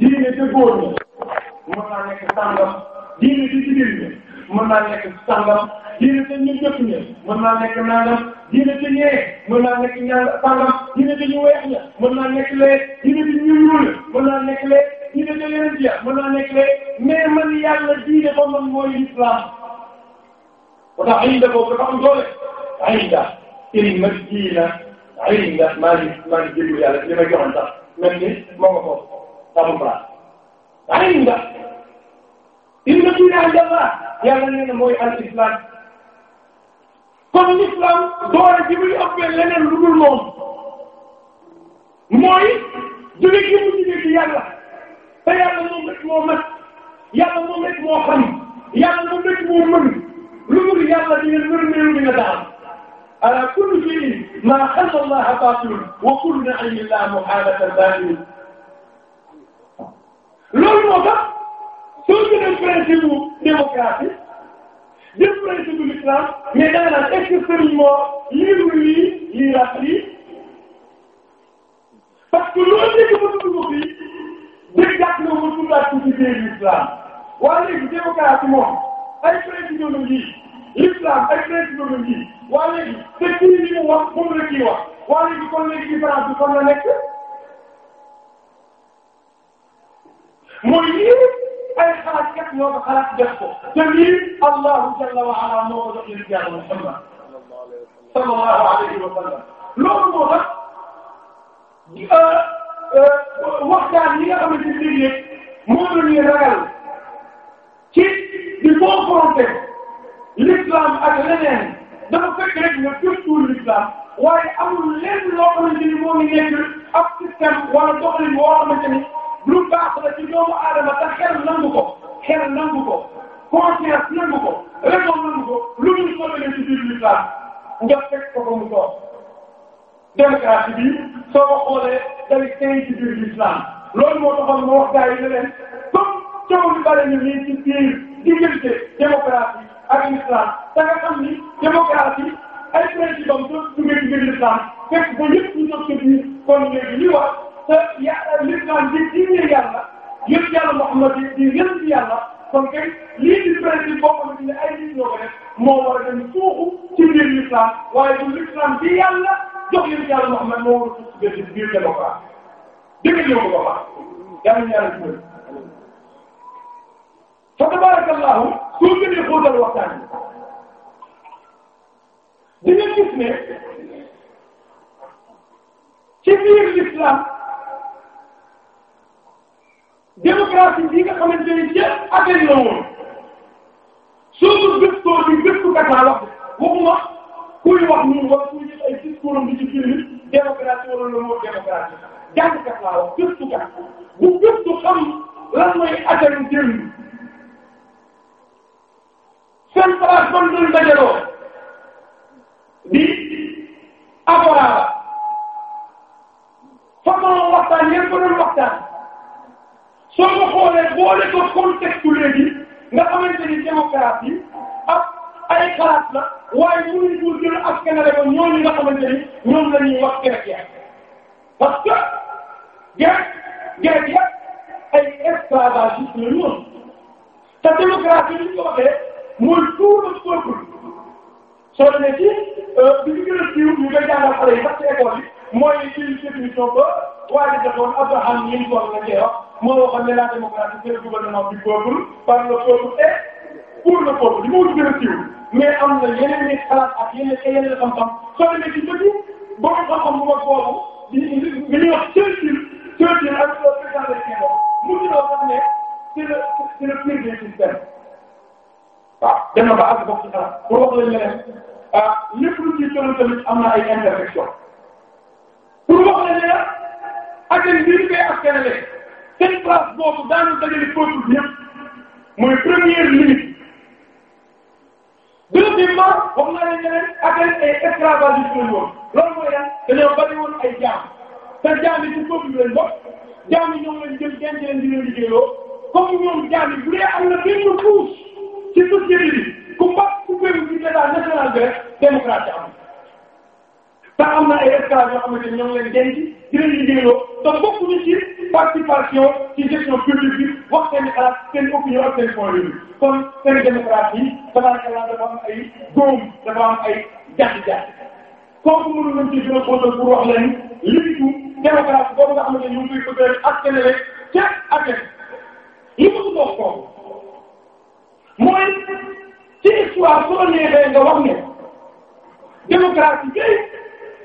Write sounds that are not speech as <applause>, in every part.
diine ca góor ñi mën naa nekk sàngam diine ca jigéen ñi mën naa nekk sàngam diine ca ñu jëkk ñi mën naa nekk nangam diine ca ñee mën naa nekk ñaar sàngam diine ca ñu weex ña mën naa nekk lee diine ca ñu ñuul mën naa nekk lee diine ca yeneen ya mën naa nekk lee mais man yàlla diine ba man mooy l'islam ba tax ayida boobu dafa am doole ayida ilma diina ayida maa ngi maa ngi jëlu yàlla li may joxoon sax mel ni moo nga foofu sampra ayinda inna diina indallah yàlla nee na mooy al islam kon l'islam doole ji muy ëppee leneen lu dul moom mooy jóge gi mu jóge ci yàlla te yàlla moom rek moo mat yàlla moom rek moo xam yàlla moom rek moo mën lu dul yàlla di ngeen mën a dina daal ala kulli shay'in ma xalqa allah baatil wa kullu na'imin la muhalatan baatil loolu moo tax soo jëlee principe bu démocratie jël principe bu l'islam mais da nga naan est-ce que sëriñ moo liiru lii lii laaj lii parce que loolu léegi ba dugg ko fii dégg nga ko ba tuddaat ko ci biir l'islam waaye léegi démocratie moom ay principe yi l'islam ay principe yi waaye léegi te kii li mu wax moom la kii wax waaye léegi kon léegi différence bi kon la nekk. mooy lii ay xalaatkat ñoo ko xalaat def ko te lii Allahu jalla wa ala moo ko jox yéen yàlla Muhammad sallallahu alayhi wa sallam loolu moo tax euh, euh, waxtaan yi nga xamante ne léeg-léeg moo la ñuy ragal ci di confronter l'islam ak leneen dafa fekk rek nga surtout l'islam waaye amul lenn loo xamante ni moo ngi nekk ab système wala doxalin boo xamante ni. lu baax la ci doomu aadama te xel nangu ko xel nangu ko conscience nangu ko raison nangu ko lu ñu soobee ci biir l'islam nga fekk ko ko mu toog démocratie bi soo ko xoolee day tey ci biir l'islam loolu moo taxoon mu wax gars yi ne leen comme coow lu bare ñu nii ci biir diggante démocratie ak l'islam da nga xam ni démocratie ay principes am soo duggee ci biir l'islam fekk ba yëpp ñu toog ci biir kon léegi li wax. te ya lislaam di diine yàlla yëpp yàlla Muhammad di yëpp yàlla kon kay lii di principe boo xamante ay nit ñoo ko dem suuxu ci biir lislaam waaye du lislaam bi yàlla jox yëpp yàlla Muhammad moo war a suuf si biir démocratie dëgg yow ko baax yàlla ñaanal ci biir fa tabarakallahu soo gënee xóotal waxtaan bi di nga gis ne ci biir lislaam démocratie bi nga xamante ne yëpp affaire la woon soo ko gëstoo di gëstu kataa wax waxuma kuy wax ñun wala kuy def ay discours bi ci biir démocratie wala lu moo démocratie jàng kat laa wax gëstu kat bu gëstu xam lan mooy affaire njëriñ seen place ban doon dajaloo di aborala fa ma waxtaan yéen ko doon soo ko xoolee boole ko contexte léegi nga xamante ni démocratie ak ay xalaat la waaye mënuñu ko jël askanale ko ñooñu nga xamante ni ñoom la ñuy wax chrétien parce que guerre guerre yëpp ay esclavagistes la ñu woon te démocratie li ñu ko waxee mooy tout le peuple soo ci euh, bi di gën a siiw ñu koy jàngal xale yi sax ci école yi mooy ci définition ba waaye dafa doon Abraham Lincoln la cee wax. moo waxoon ne la démocratie c'est le gouvernement du peuple par le peuple et pour le peuple li moo gën a siiw mais am na yeneen i xalaat ak yeneen i yeneen xam-xam soo demee ci dëkk borom xam-xam bu mag boobu di di ñuy wax Churchill Churchill ak président de Sénégal mujj na wax ne c'est le c'est le pire des systèmes waaw dem na ba àgg bokk ci xalaat pour wax leen leneen ah lépp lu ci tëral tamit am na ay imperfections pour wax leen ne ak yéen bii ñu koy askanale. seen place boobu daanu dajale peuple bi yëpp mooy première limite deuxièmement wax naa leen ne leen affaire ay esclavagistes lañu woon loolu mooy lan dañoo bari ay jaam te jaam yi ci peuple bi lañ bokk jaam yi ñoom lañ jël denc leen di leen liggéeyloo comme ñoom jaam yi bu dee am na benn couche ci société bi ku mbaa ku bëri ci état national bi rek am te am na ay esclaves yoo xamante ne ñoom lañ denc di leen liggéeyloo te bokkuñu ci. participation ci gestion publique bi wax seen i xalaat seen opinion ak seen point de vue comme seen démocratie tabarakallah dafa am ay góom dafa am ay jaxi-jaxi kooku mënu nañ ci gën a xóotal pour wax leen limitu démocratie boobu nga xamante ni ñu ngi koy bëgg ak keneen ca ak li mu dox kooku mooy ci histoire soo neexee nga wax ne démocratie bi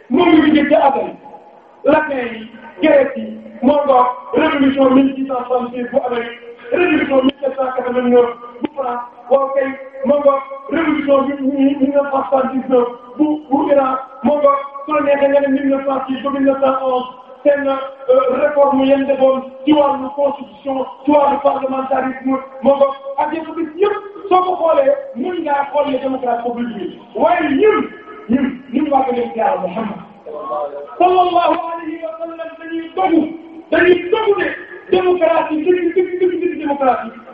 moom la ñu jëkk a atal latin yi grec yi moo ngoog révolution mille six cent soixante-six bu Amérique révolution mille sept cent quatre-vingt-neuf bu France waaw kay moo ngoog révolution mille neuf cent soixante-dix-neuf bu bu Iran moo ngoog soo neexee nga ne mille neuf cent six ba mille neuf cent onze seen euh, réforme yéen defoon ci wàllu constitution ci wàllu parlementarisme moo ngoog ak yëpp yëpp soo ko xoolee mën ngaa xool les démocrates publics yi waaye ñun ñun ñun waa ko leen Muhammad sallallahu alayhi wa sallam dañuy dogu dañuy tënku ne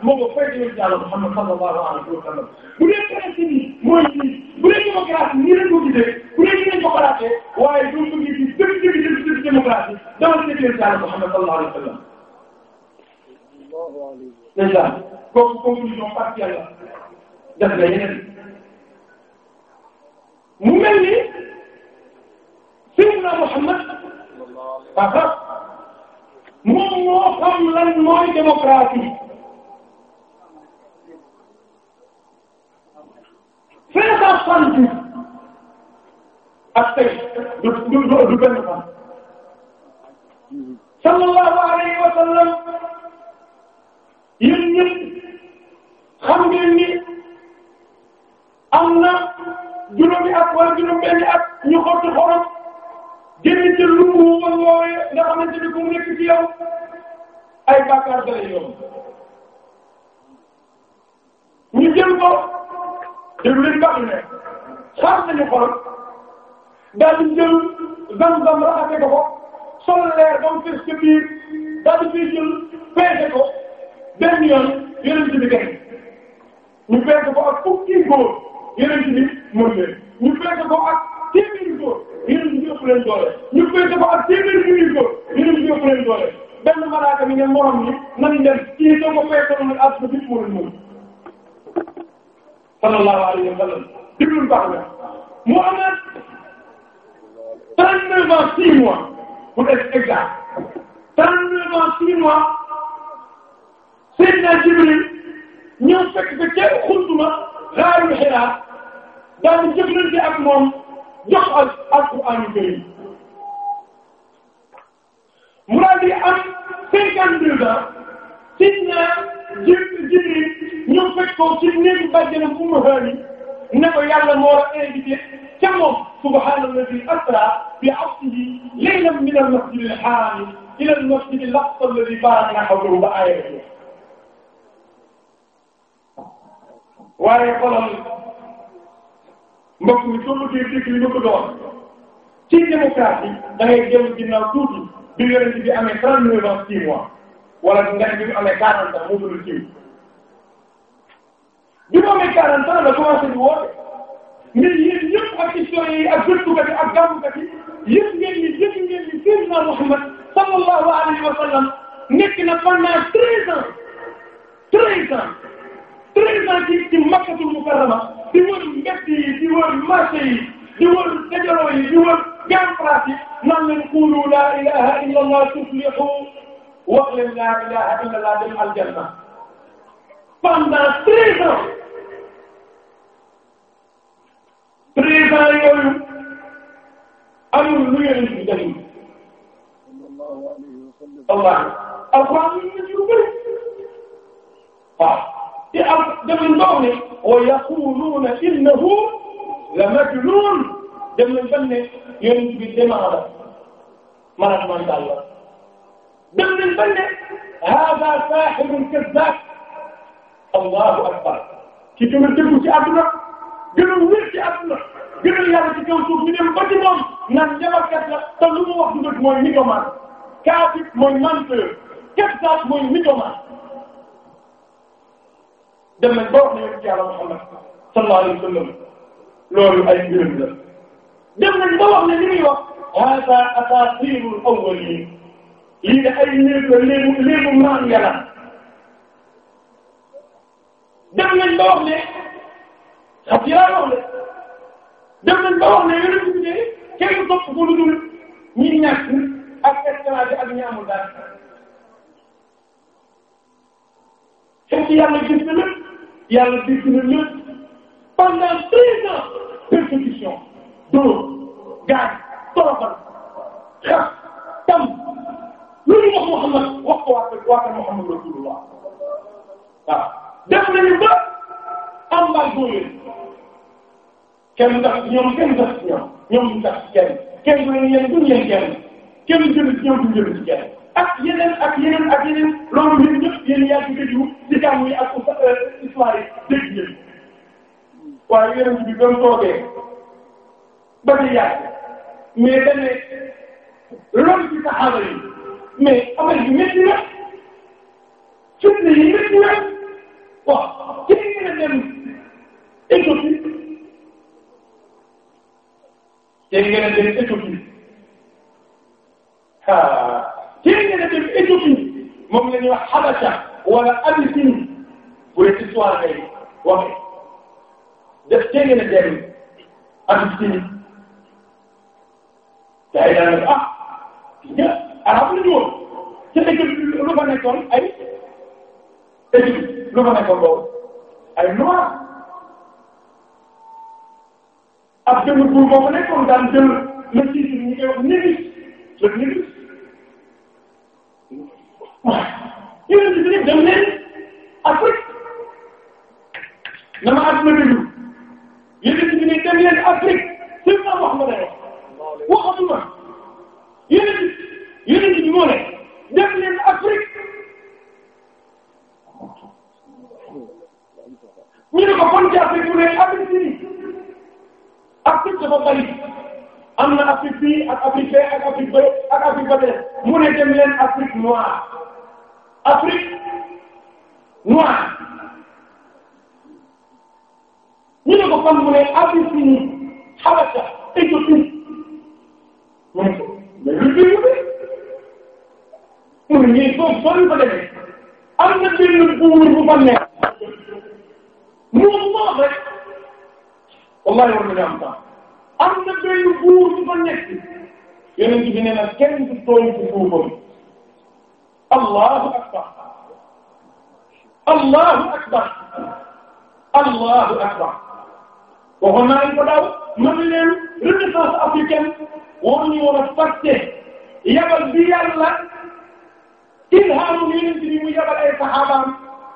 moo ko fay déglu Yàlla Muhammad sallallahu alayhi wa sallam bu dee principe bi mooy nii bu dee démocratie nii lañ ko gisee bu dee nii lañ ko xalaatee waaye doo ko gis dëgg dëgg dëgg dëgg démocratie dama déglu Yàlla Muhammad sallallahu alayhi wa sallam. déjà comme conclusion partielle la def nga yeneen mu mel ni Seydina Muhammad moom moo xam lan mooy démocratie cinq cent soixante-dix ak tey du du du benn fan sallallahu alayhi wa sallam yéen ñëpp xam ngeen ni am na juróomi at wala juróom benni at ñu xottu génn ca lu mu woon woowee nga xamante ni mu nekk ci yow ay bàkkaar da lay yomb jël ko déglu leen baax ne sax nañu xol daal di jël zam-zam raxase ko ko sol leer ba mu fees ca biir daal di fiy ko benn yoon yeneen ci bi kenn ñu ko ak fukki góor yeneen ci bi mën leen ñu peese ko ak. ak téeméeri góor yéen ñu yëpp leen doole ñu féete ko ak téeméeri góor yéen ñu yëpp leen doole benn malaaka bi ne morom ni nan dem kii soo ko feesoon nag àdduna bi mu wërëm moom. sallallahu alayhi wa sallam diglu baax na mu am na 39 ans 6 mois pour être exact 39 ans 6 mois Seydina Jibril ñëw fekk ca xultuma xaaru Hiraa daal di jëflante ak moom. jox al alquran yi mu daal di am cinquante deux ans ci ñaar ji Jibril ñu fekk ko ci néegu bàjjana fu mu xaali ne ko yàlla moo la invité ca moom subhaana alladi asra bi abdihi laylan min al masjid al haram ila al masjid al aqsa alladi barakna hawlahu ba aaya waaye xoolal mbokk mi soo bëggee dégg li nga ko doon ci démocratie da ngay jëm ginnaaw tuuti bi yonent bi amee trente neuf ans six mois wala bi nga ne bi mu amee quarante ans moo gën a siiw bi mu amee quarante ans la commencé di woote mais yéen ñëpp ak historien yi ak gëstukat yi ak gàmmukat yi yëpp ngeen ni yëpp ngeen ni Seydina Muhammad sallallahu alayhi wa sallam nekk na pendant treize ans treize ans président ci ci makkatul mukarrama di wër mbett yi di wër marché yi di wër dajaloo yi di wër gaam place yi naan leen qulu la ilaha illa allah tuflihu wax leen la ilaha illa allah dem aljanna pendant treize ans treize ans yooyu amul lu yonent bi def allah alquran ñu bëri waaw ci am dem nañ ne wa yaquluuna innahu la majnun dem nañ fan ne yonent bi demaana maanaam la dem nañ fan ne hada sahirun kazzab allahu akbar ci gën a déglu ci àdduna gën a wér ci àdduna gën a yàlla ci kaw suuf ñu dem ba ci moom naan njabarkat la te lu mu wax du dëgg mooy mythomane kaafir mooy menteur kazzab mooy mythomane dem nañ ba wax ne yonent yàlla Muhammad sallallahu alayhi wa sallam loolu ay mbiram la dem nañ ba wax ne li muy wax hada asatirul awwalin lii da ay léeb la léebu léebu maam yàlla dem nañ ba wax ne xam ci laa wax ne dem nañ ba wax ne yonent bi de kenn topp ko lu dul ñi ñàkk ak esclave ak ñi amul daal. fekk yàlla gis na lépp yàlla dégg na lépp pendant treize ans persécution dóor gaañ torobal xas tam lu ñu wax Muhammad wax ko waat waata Muhammad rasulullah waaw def nañu ba embargo leen kenn tax ñoom kenn tax ñoom ñoom ñu tax kenn kenn duñu yéen duñu yéen kenn kenn jënd ñoom duñu jënd kenn ak yeneen ak yeneen ak yeneen loolu ñun ñëpp yéen yaa ngi déglu si kàmm yi ak euh, histoire yi dégg ngeen waaye yeneen bi doon toogee ba ci yàgg mais dañ ne loolu ci saxaaba yi mais affaire bi métti na fitna yi métti na waaw ci ngeen a dem Éthiopie ci ngeen a dem Éthiopie ah. kii nga dem Éthiopie moom la ñuy wax Habasha wala Abyssinie bu dee histoire ngay waxee def kii ah, nga dem Abyssinie daa yi daanaka ah ña arab la ñu woon ca Éthiopie lu fa nekkoon ay Éthiopie lu fa nekkoon lool ay noir ab jëmm buur moo fa nekkoon daan jël le titre ñu koy wax Négus le waaw yéen ñi tamit dem leen Afrique na ma àdduna déglu yéen ñi tamit dem leen Afrique sëñ ma wax ma dara waxatu ma yéen yéen ñi moo ne dem leen Afrique ñu ne ko kon ci Afrique mu am na Afrique bi ak Afrique bee ak Afrique ba ak Afrique ba mu ne Afrique noire ñu ne ko fan mu ne Abyssinie Habasha Éthiopie mu ne ko mais lu dul mu ne ñuy soo soo ko demee am na benn buur bu fa nekk moom moo rek wallahi war nañu am temps am na benn buur bu fa nekk yeneen ci bi nee na kenn du tooñ ci buur allahu akbar allahu akbar allahu akbar waxoon naa leen ko daaw mën leen renaissance africaine war ñu war a fàtte yabal bi yàlla ilhaamu yeneen bi mu yabal ay saxaabaam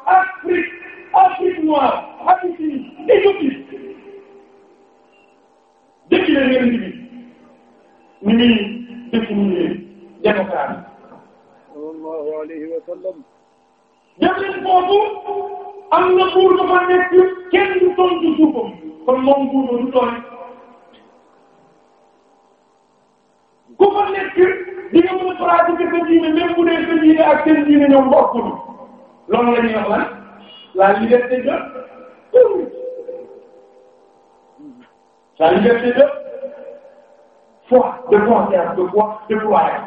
Afrique Afrique noire Abyssinie Éthiopie dëkk la yeneen bi ni muy dëkk mu ne démocratie sallallahu alayhi wa sallam jagleel boobu am na buur nekk kenn du tontu du doon ku fa nekk di nga mën a pratiquer la la liberté de la liberté de foi de conscience de foi de croyance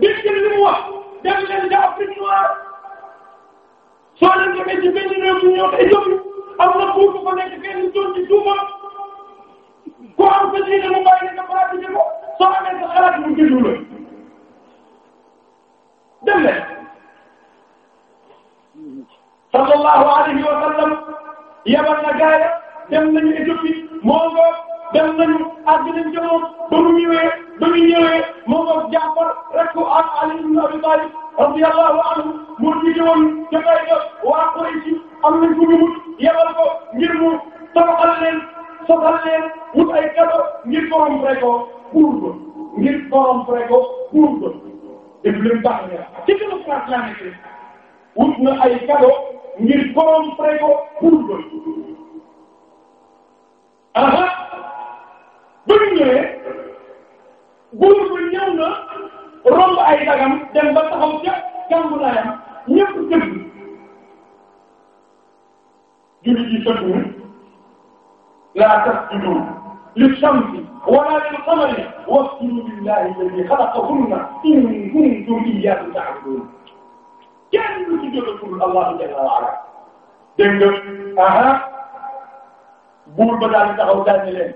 dégg li mu wax dem leen ca Afrique noire soo leen demee ci benn réew mi ñëw te jóg am na pour bu ko nekk benn zone ci suufa ko am sa diine mu bàyyi nga pratiquer ko soo amee sa xalaat mu déglu la dem leen sallallahu alayhi wa sallam yabal na gaaya dem nañu Éthiopie moo ngoog dem nañu àddina ci moom ba mu ñëwee ba mu ñëwee moom ak Jaafar rekku ak Ali ibn Abi Talib radiyallahu anhu moo jiite woon dafay def waa Quraysh am nañ ko ñu yebal ko ngir mu tabaxal leen soxal leen wut ay kado ngir corrompre ko pour ba ngir corrompre ko pour ba te du leen baax la ci gën a France laa nekk wut na ay kado ngir corrompre ko pour ba ba ñu ñëwee buur bi ñëw na romb ay dagam dem ba taxaw ca gàmbu laayam ñëpp tëdd jullit yi sëddul laa tasjudu li shamsi wala lil qamari wasjudu lillahi alladhi khalaqahunna in kuntum iyyahu ta'budun kenn lu ci jëlatul Allah jalla wa ala dégg nga aha buur ba daal taxaw daal leen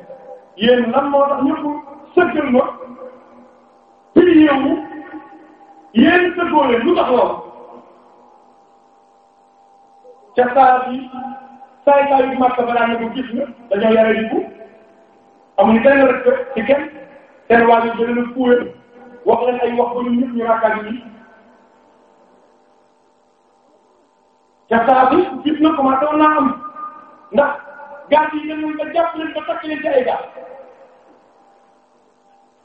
yéen lan moo tax ñëpp sëggal ma prix yëngu yéen sëggoo leen lu tax lool ca saa yi yu mag ba daan ne ko gis nga dañoo yare di ko amuñu benn respect ci kenn seen waa yi dana leen puure wax leen ay wax ba ñun ñëpp ñu raakaat yi ca gis na commencé woon naa am ndax. gàtt yi demul ba jàpp leen ba takk leen ci ay gàtt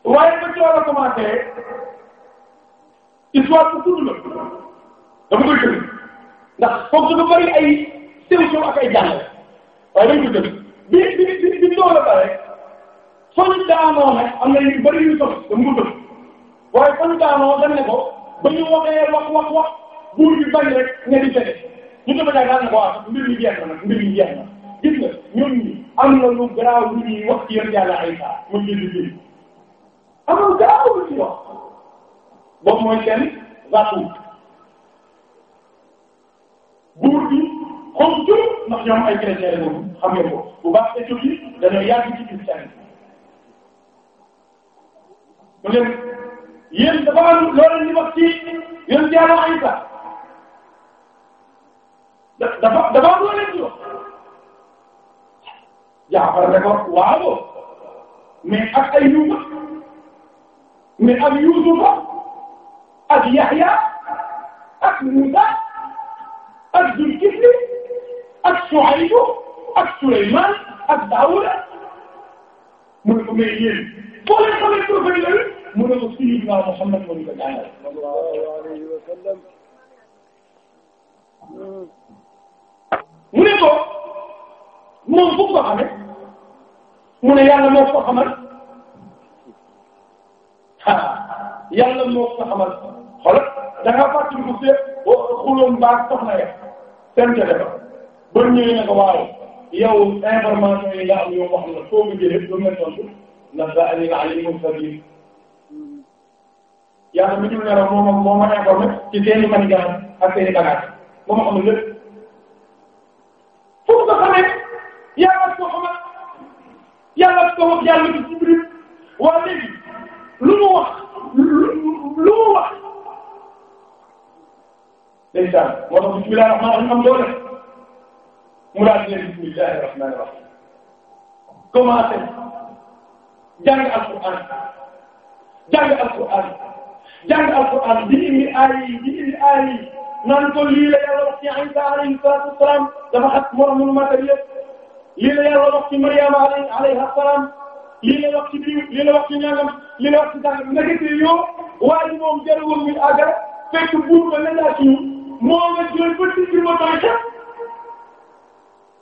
waaye ba coono commencé histoire bu gudd la dama koy tënk ndax foog su ko bëri ay solution ak ay jàll waaye dañ ko tënk bi bi bi bi doole bare fan daanoo nag am na yu bëri yu sos dama ko tënk waaye fan daanoo dañ ne ko ba ñu waxee wax wax wax buur bi bañ rek nga di fete ñu dama jaay daan na ko wax ah, mbir mi jeex na nag mbir mi jeex na. gis nga am na lu garaaw lu ñuy wax ci yéen yàlla ay saa mu ngi di dégg am na garaaw lu ñuy wax boobu mooy seen vaatu buur bi xom jur ndax ay chrétien la xam nga ko bu baax te tuuti dañoo yàgg ci christianisme mu ne yéen dafa am loolu ñu wax ci yéen yàlla Jaafar ne ko waaw mais ak Ayyuba mais ak Yuusufa ak Yahya ak Muusa ak Zulkifli ak Shuayb ak Sulaymaan ak Daawuda mu ne ko mais yéen boo leen xamee profil la mu ne ko Sayyidina Muhammad moo ñu ko jàngal mu ne ko moom fu ko xamee mu ne yàlla moo ko xamal ah yàlla moo ko xamal xoolal da ngaa fàttali ko fépp xuloon baax soxna ya seen jëlee ba ñëwee nag waaw yow information yi nga am yow wax na soo ko jëlee ba mel noonu la la Aliou Aliou moom sax yi yàlla mi ñu ne la moom moo ma informé ci seeni manigance ak seeni bagage moo ma xamal lépp foofu nga xamee yàlla ko xamal yàlla ko wax yàlla ci Jibril waa léegi lu mu wax lu mu wax ndeysaan moo tax bismillahi rahmaani rahiim am doole mu daal di ne bismillahi rahmaani rahiim commencé jàng alquran jàng alquran jàng alquran di indi aay yi di indi aay yi naan ko lii la yàlla wax ci Isa alayhi salaatu wasalaam dafa xat moromu matériel lii la yàlla wax ci Maryama salaam lii la wax ci biir la wax ci ñaagam lii la wax ci sax nekkati fekk buur ba la moo nga jël ba ci biir ba doy ca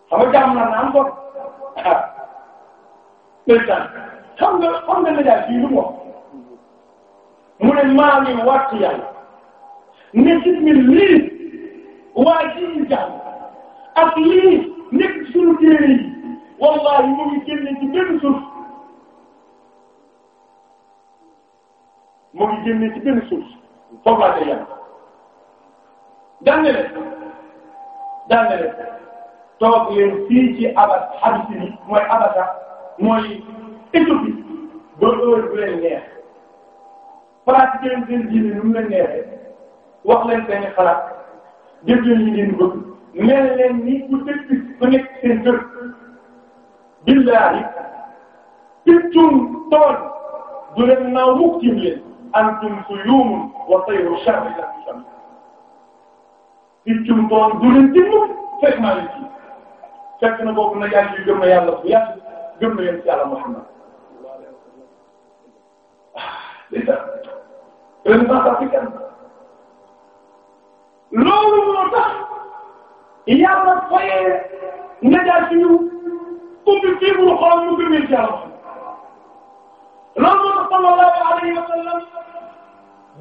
xam nga jàmm naa naan ko ah xam nga xam la daal ci lu mu wax mu ne maa ngi waat ci yàlla ne gis nga lii waa ji ñu nekk suñu téere yi wallahi mu ngi génne ci benn suuf mu ngi génne ci benn suuf foofu laa koy yàq daan na leen daan na leen toog leen fii ci Abas Abyssinie mooy Abasa mooy Éthiopie ba heure bu leen neex pratiquer seen diine nu mu leen neexee wax leen seen xalaat def leen li ngeen bëgg. mel leen ku dëkk ku nekk kër billaahi piccum tool du leen naaw mukk ci leen antum wa tayru sharri lakum sharri tool du leen ci mukk fekk maa ngi ci fekk na boobu na yaa ngi gëm na yàlla bu yàgg gëm na yéen ci yàlla Muhammad ah, loolu moo tax yàlla fayee najaasi yu ubbi kii bu xool mu gëmee ci yàlla loolu moo tax sallallahu alayhi wa sallam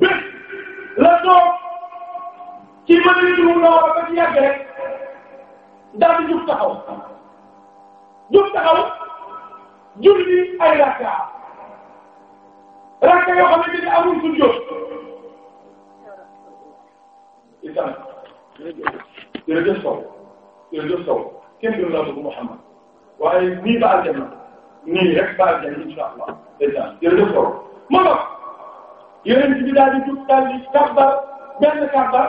bés la toog ci Madinatu Munawwara ba ci yàgg rek daal di jug taxaw jug taxaw julli ay rakka rakka yoo xamante ni amul jërëjëf Sow jërëjëf Sow kenn gën laa dugg Mouhamad waaye nii ba àjjana nii rek ba àjjana incha allah dèjà jërëjëf Sow ma nga yeneen ci bi daal di jug daal di kàbbar benn kàbbar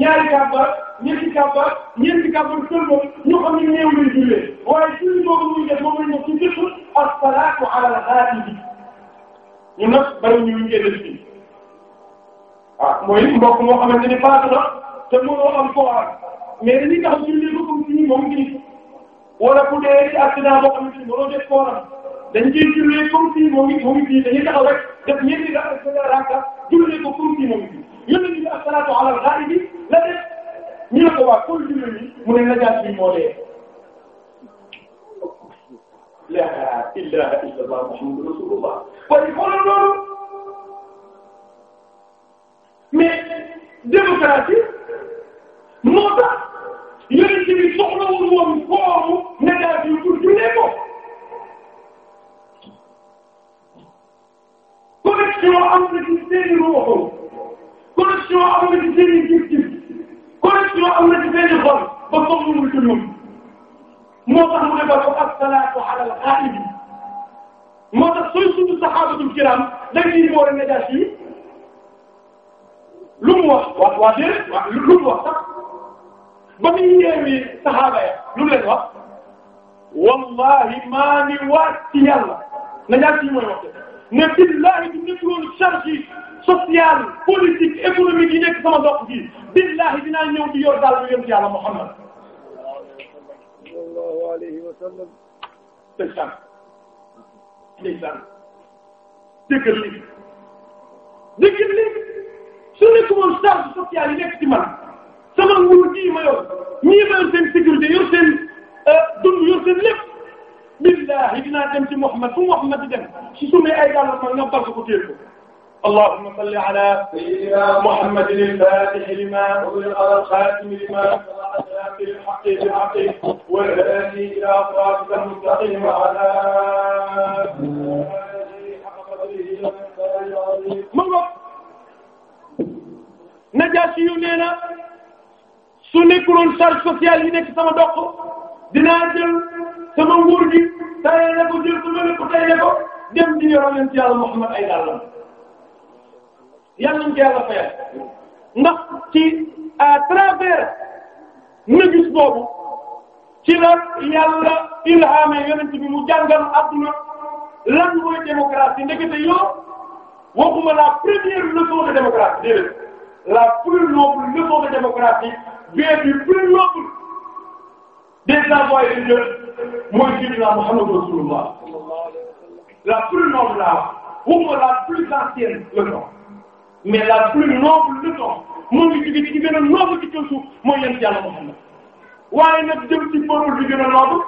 ñaari kàbbar ñetti kàbbar ñeenti kàbbar kër moom ñu xam ne néew lay jullee waaye julli boobu muy def moom lañ def ci surtout as-salaatu ala al-ghaib ñu nag bari ñu ngi génn ci ah mooy mbokk moo xamante ni faatu na te mënoo am koo mais dañuy taxaw ci lii ba comme moom nii wala ku dee accident boo xamante ni si moom it moom it dañuy taxaw rek def ñeenti rakka jullee ko comme si moom it ñun dañuy asalaatu ala al-ghaib la def ñu ne ko waa kóol mu ne najaat bi moo dee. laa ilaaha illallah muhammadu rasulullah waaye xoolal loolu moo tax yonent bi soxlawul woon foofu médaille bi pour jullee ko. connexion am na ci seeni ruuxu connexion am na ci seeni gis-gis connexion am na ci seeni xol ba soxlawul ci ñoom moo tax mu defal ko as-salaatu ala al-ghaib moo tax sooy suutu saxaabatul kiram da nga ciy boole médaille yi lu mu wax waaw waaw déedéet waaw lu mu wax sax. ba muy yeewi saxaaba ya lu mu leen wax wallahi maa ni waat ci yàlla na ñaar ci mooy wax ne billahi du nekk woon charge sociale politique économique yi nekk sama dox gi billahi dinaa ñëw di yor daal bu yëm yàlla Muhammad sallallahu alayhi wa sallam ndeysaan ndeysaan dëggal li dëggal li su nekk woon charge sociale yi nekk ci man sama nguur gii ma yor ñii ma yor seen sécurité yor seen dund yor seen lépp billahi dinaa dem ci Muhammad fu Muhammad dem su sumee ay dàllam ma nga bàgg ko téye ko allahumma salli ala sayyidina Muhammadin al-fatihi lima ughliqa al-khatim lima sabaqaka bil-haqqi bil-haqqi wal-hadi ila siratika al-mustaqim ala ma nga Najaasi yu nee na su nekkuloon charge sociale yi nekk sama dox dinaa jël sama nguur gi tayale ko jël sama lépp tayale ko dem di yoro leen Muhammad ay dàllam yàlla nañ ko yàlla fayal ndax ci à travers négis boobu ci la yàlla ilhamé yonent bi mu jàngal adduna lan mooy démocratie ndekete yoo waxuma la première leçon de démocratie déedéet la plus noble leçon de démocratie bien du plus noble des envoyés de Dieu mooy Sayyidina Muhammad Rasulullah la plus noble là la plus ancienne le temps mais la plus noble le temps moo ngi jóge ci gën a noble ci kaw suuf mooy yéen Yàlla Muhammad waaye nag jëm ci parole bi gën a noble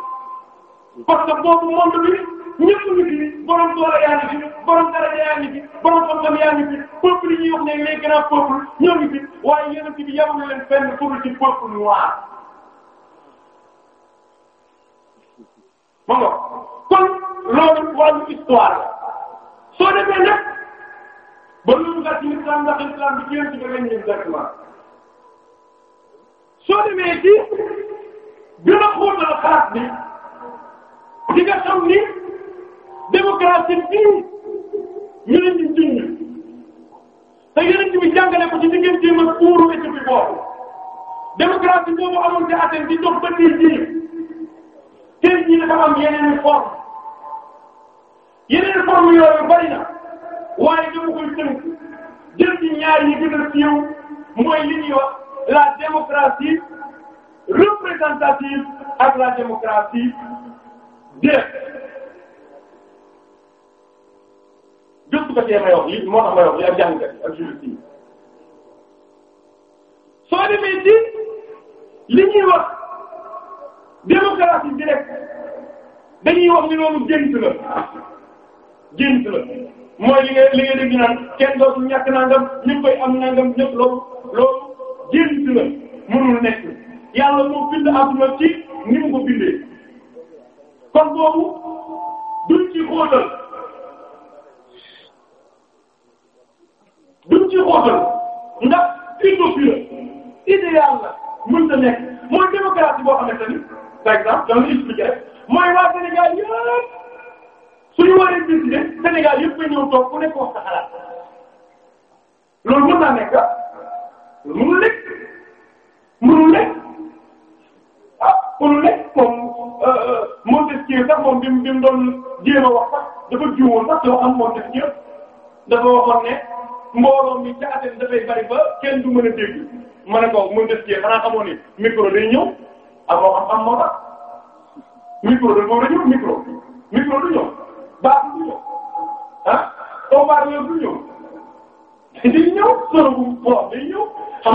parce que boobu ñëpp ñu ngi fi borom doole yaa ngi fi borom daraja yaa ngi fi borom xam-xam yaa ngi fi peuple yi ñuy wax ne les grands peuples ñoo ngi fi waaye yonent bi yamul leen fenn pour ci peuple noir. ma nga kon loolu wàllu histoire la soo defee nag ba lu nga ci islam ndax islam bi yonent bi lañ ñu exactement soo demee ci gën a xóotal xaat bi di nga xam ni. démocratie fii ñu leen di junj te yeneen bi jàngale ko ci digganteem ak kuuru éthiopie boobu démocratie boobu amul ci Athènes di dox ba tey jii tey jii dafa am yeneen forme yeneen forme yooyu bari na waaye dama koy tënk jël ci ñaar yi gën a siiw mooy li ñuy wax la démocratie représentative ak la démocratie directe jëstu ko cee may wax moo tax may wax li ak jàngkat yi ak juriste yi soo demee ci li ñuy wax démocratie directe dañuy wax ni loolu gént la gént la mooy li nga li nga dégg naan kenn dootul ñàkk nangam ñu koy am nangam ñëpp loolu loolu la mënul nekk yàlla moo bind àdduna ci ni mu ko bindee kon boobu duñ ci xóotal ci xóotal ndax utopie la idéal la mënta nekk mooy démocratie boo xamante ni par exemple la mooy waa Sénégal yëpp suñu waree décider Sénégal yëpp a ñëw toog ku nekk wax sa xalaat loolu mën naa nekk ah mënul nekk mënul nekk ah mënul nekk moom euh, Montesquieu sax moom bi mu bi mu doon jéem a wax sax dafa jiwoon sax yoo xam Montesquieu dafa waxoon ne. mbooloo mi caaten dafay bari ba kenn du mën a dégg ko mu def ci xanaa xamoon ni micro day ñëw ak moo xam am moo tax micro da moom la ñëw micro micro du ñëw baax du ñëw ah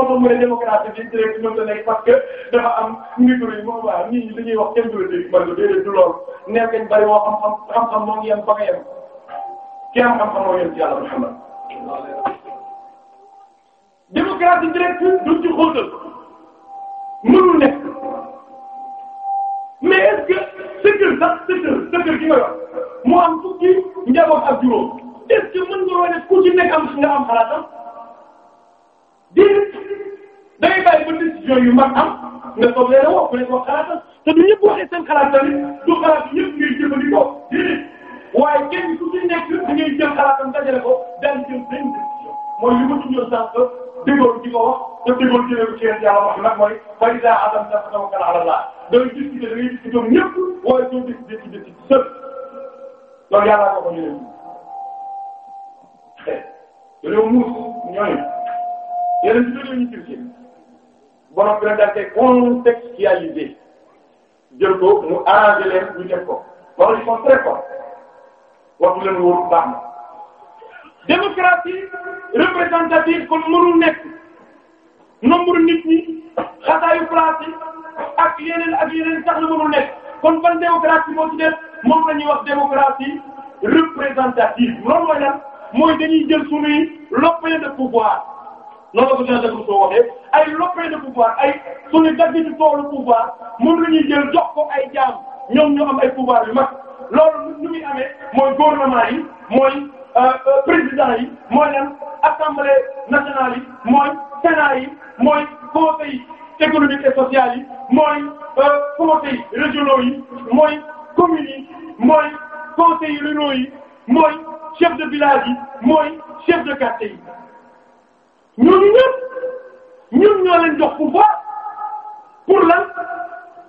mu ne démocratie bi direct ñoom da nekk parce que dafa am micro yi moom waaw nit ñi li ñuy wax kenn du la dégg man de lool neex nañ bari woo xam-xam xam-xam moo ngi yem ba ki am xam-xam moo yonent yàlla Muhammad démocratie directe duñ ci xóotal mënul nekk mais est-ce que sa kër sax sa kër sa kër gi nga yor moo am fukki njaboot ak juróom est-ce que mën nga wane ku ci nekk am nga am xalaatam déedéet da ngay bàyyi ba décision yu mag am nga soog leen a wax ku nekk wax xalaatam te du ñëpp waxee seen xalaat tamit du xalaat ñëpp ngay jëfandikoo déedéet. waaye kenn ku ci nekk da ngay jël xalaatam dajale ko daan jël benn décision mooy li ma tuddee sànq déggoo ci ko wax te déggoo ci réew ci yéen yàlla wax nag mooy fa iza azamta fatawakkal ala Allah doy discuter da ngay discuter ñoom ñëpp waaye doo décider ci décider seul loolu yàlla ko ñu leen réew muus ñooñu yeneen ci réew ñu critiqué borom bi nag daal tey contextualisé jël ko mu arrangé leen ñu def ko loolu ils sont très forts waxu leen wóor baax na démocratie représentative kon mënul nekk nombre nit ñi xataayu place yi ak yeneen ak yeneen sax la nekk kon ban démocratie moo ci def moom ñuy wax démocratie représentative loolu mooy lan mooy dañuy jël suñuy lopin de pouvoir noonu la ko jëlee dëgg soo waxee ay lopin de pouvoir toolu pouvoir moom ñuy jël jox ko ay jaam ñoom ñoo am ay pouvoir yu mag. loolu ñu muy amee mooy gouvernement yi mooy euh, euh, président yi mooy lan assemblée nationale yi mooy sénat yi mooy conseil économique et social yi mooy euh, conseil régionaux yi mooy communes yi mooy conseil ruraux yi mooy chef de village yi mooy chef de quartier yi ñooñu ñëpp ñun ñoo leen jox pouvoir pour lan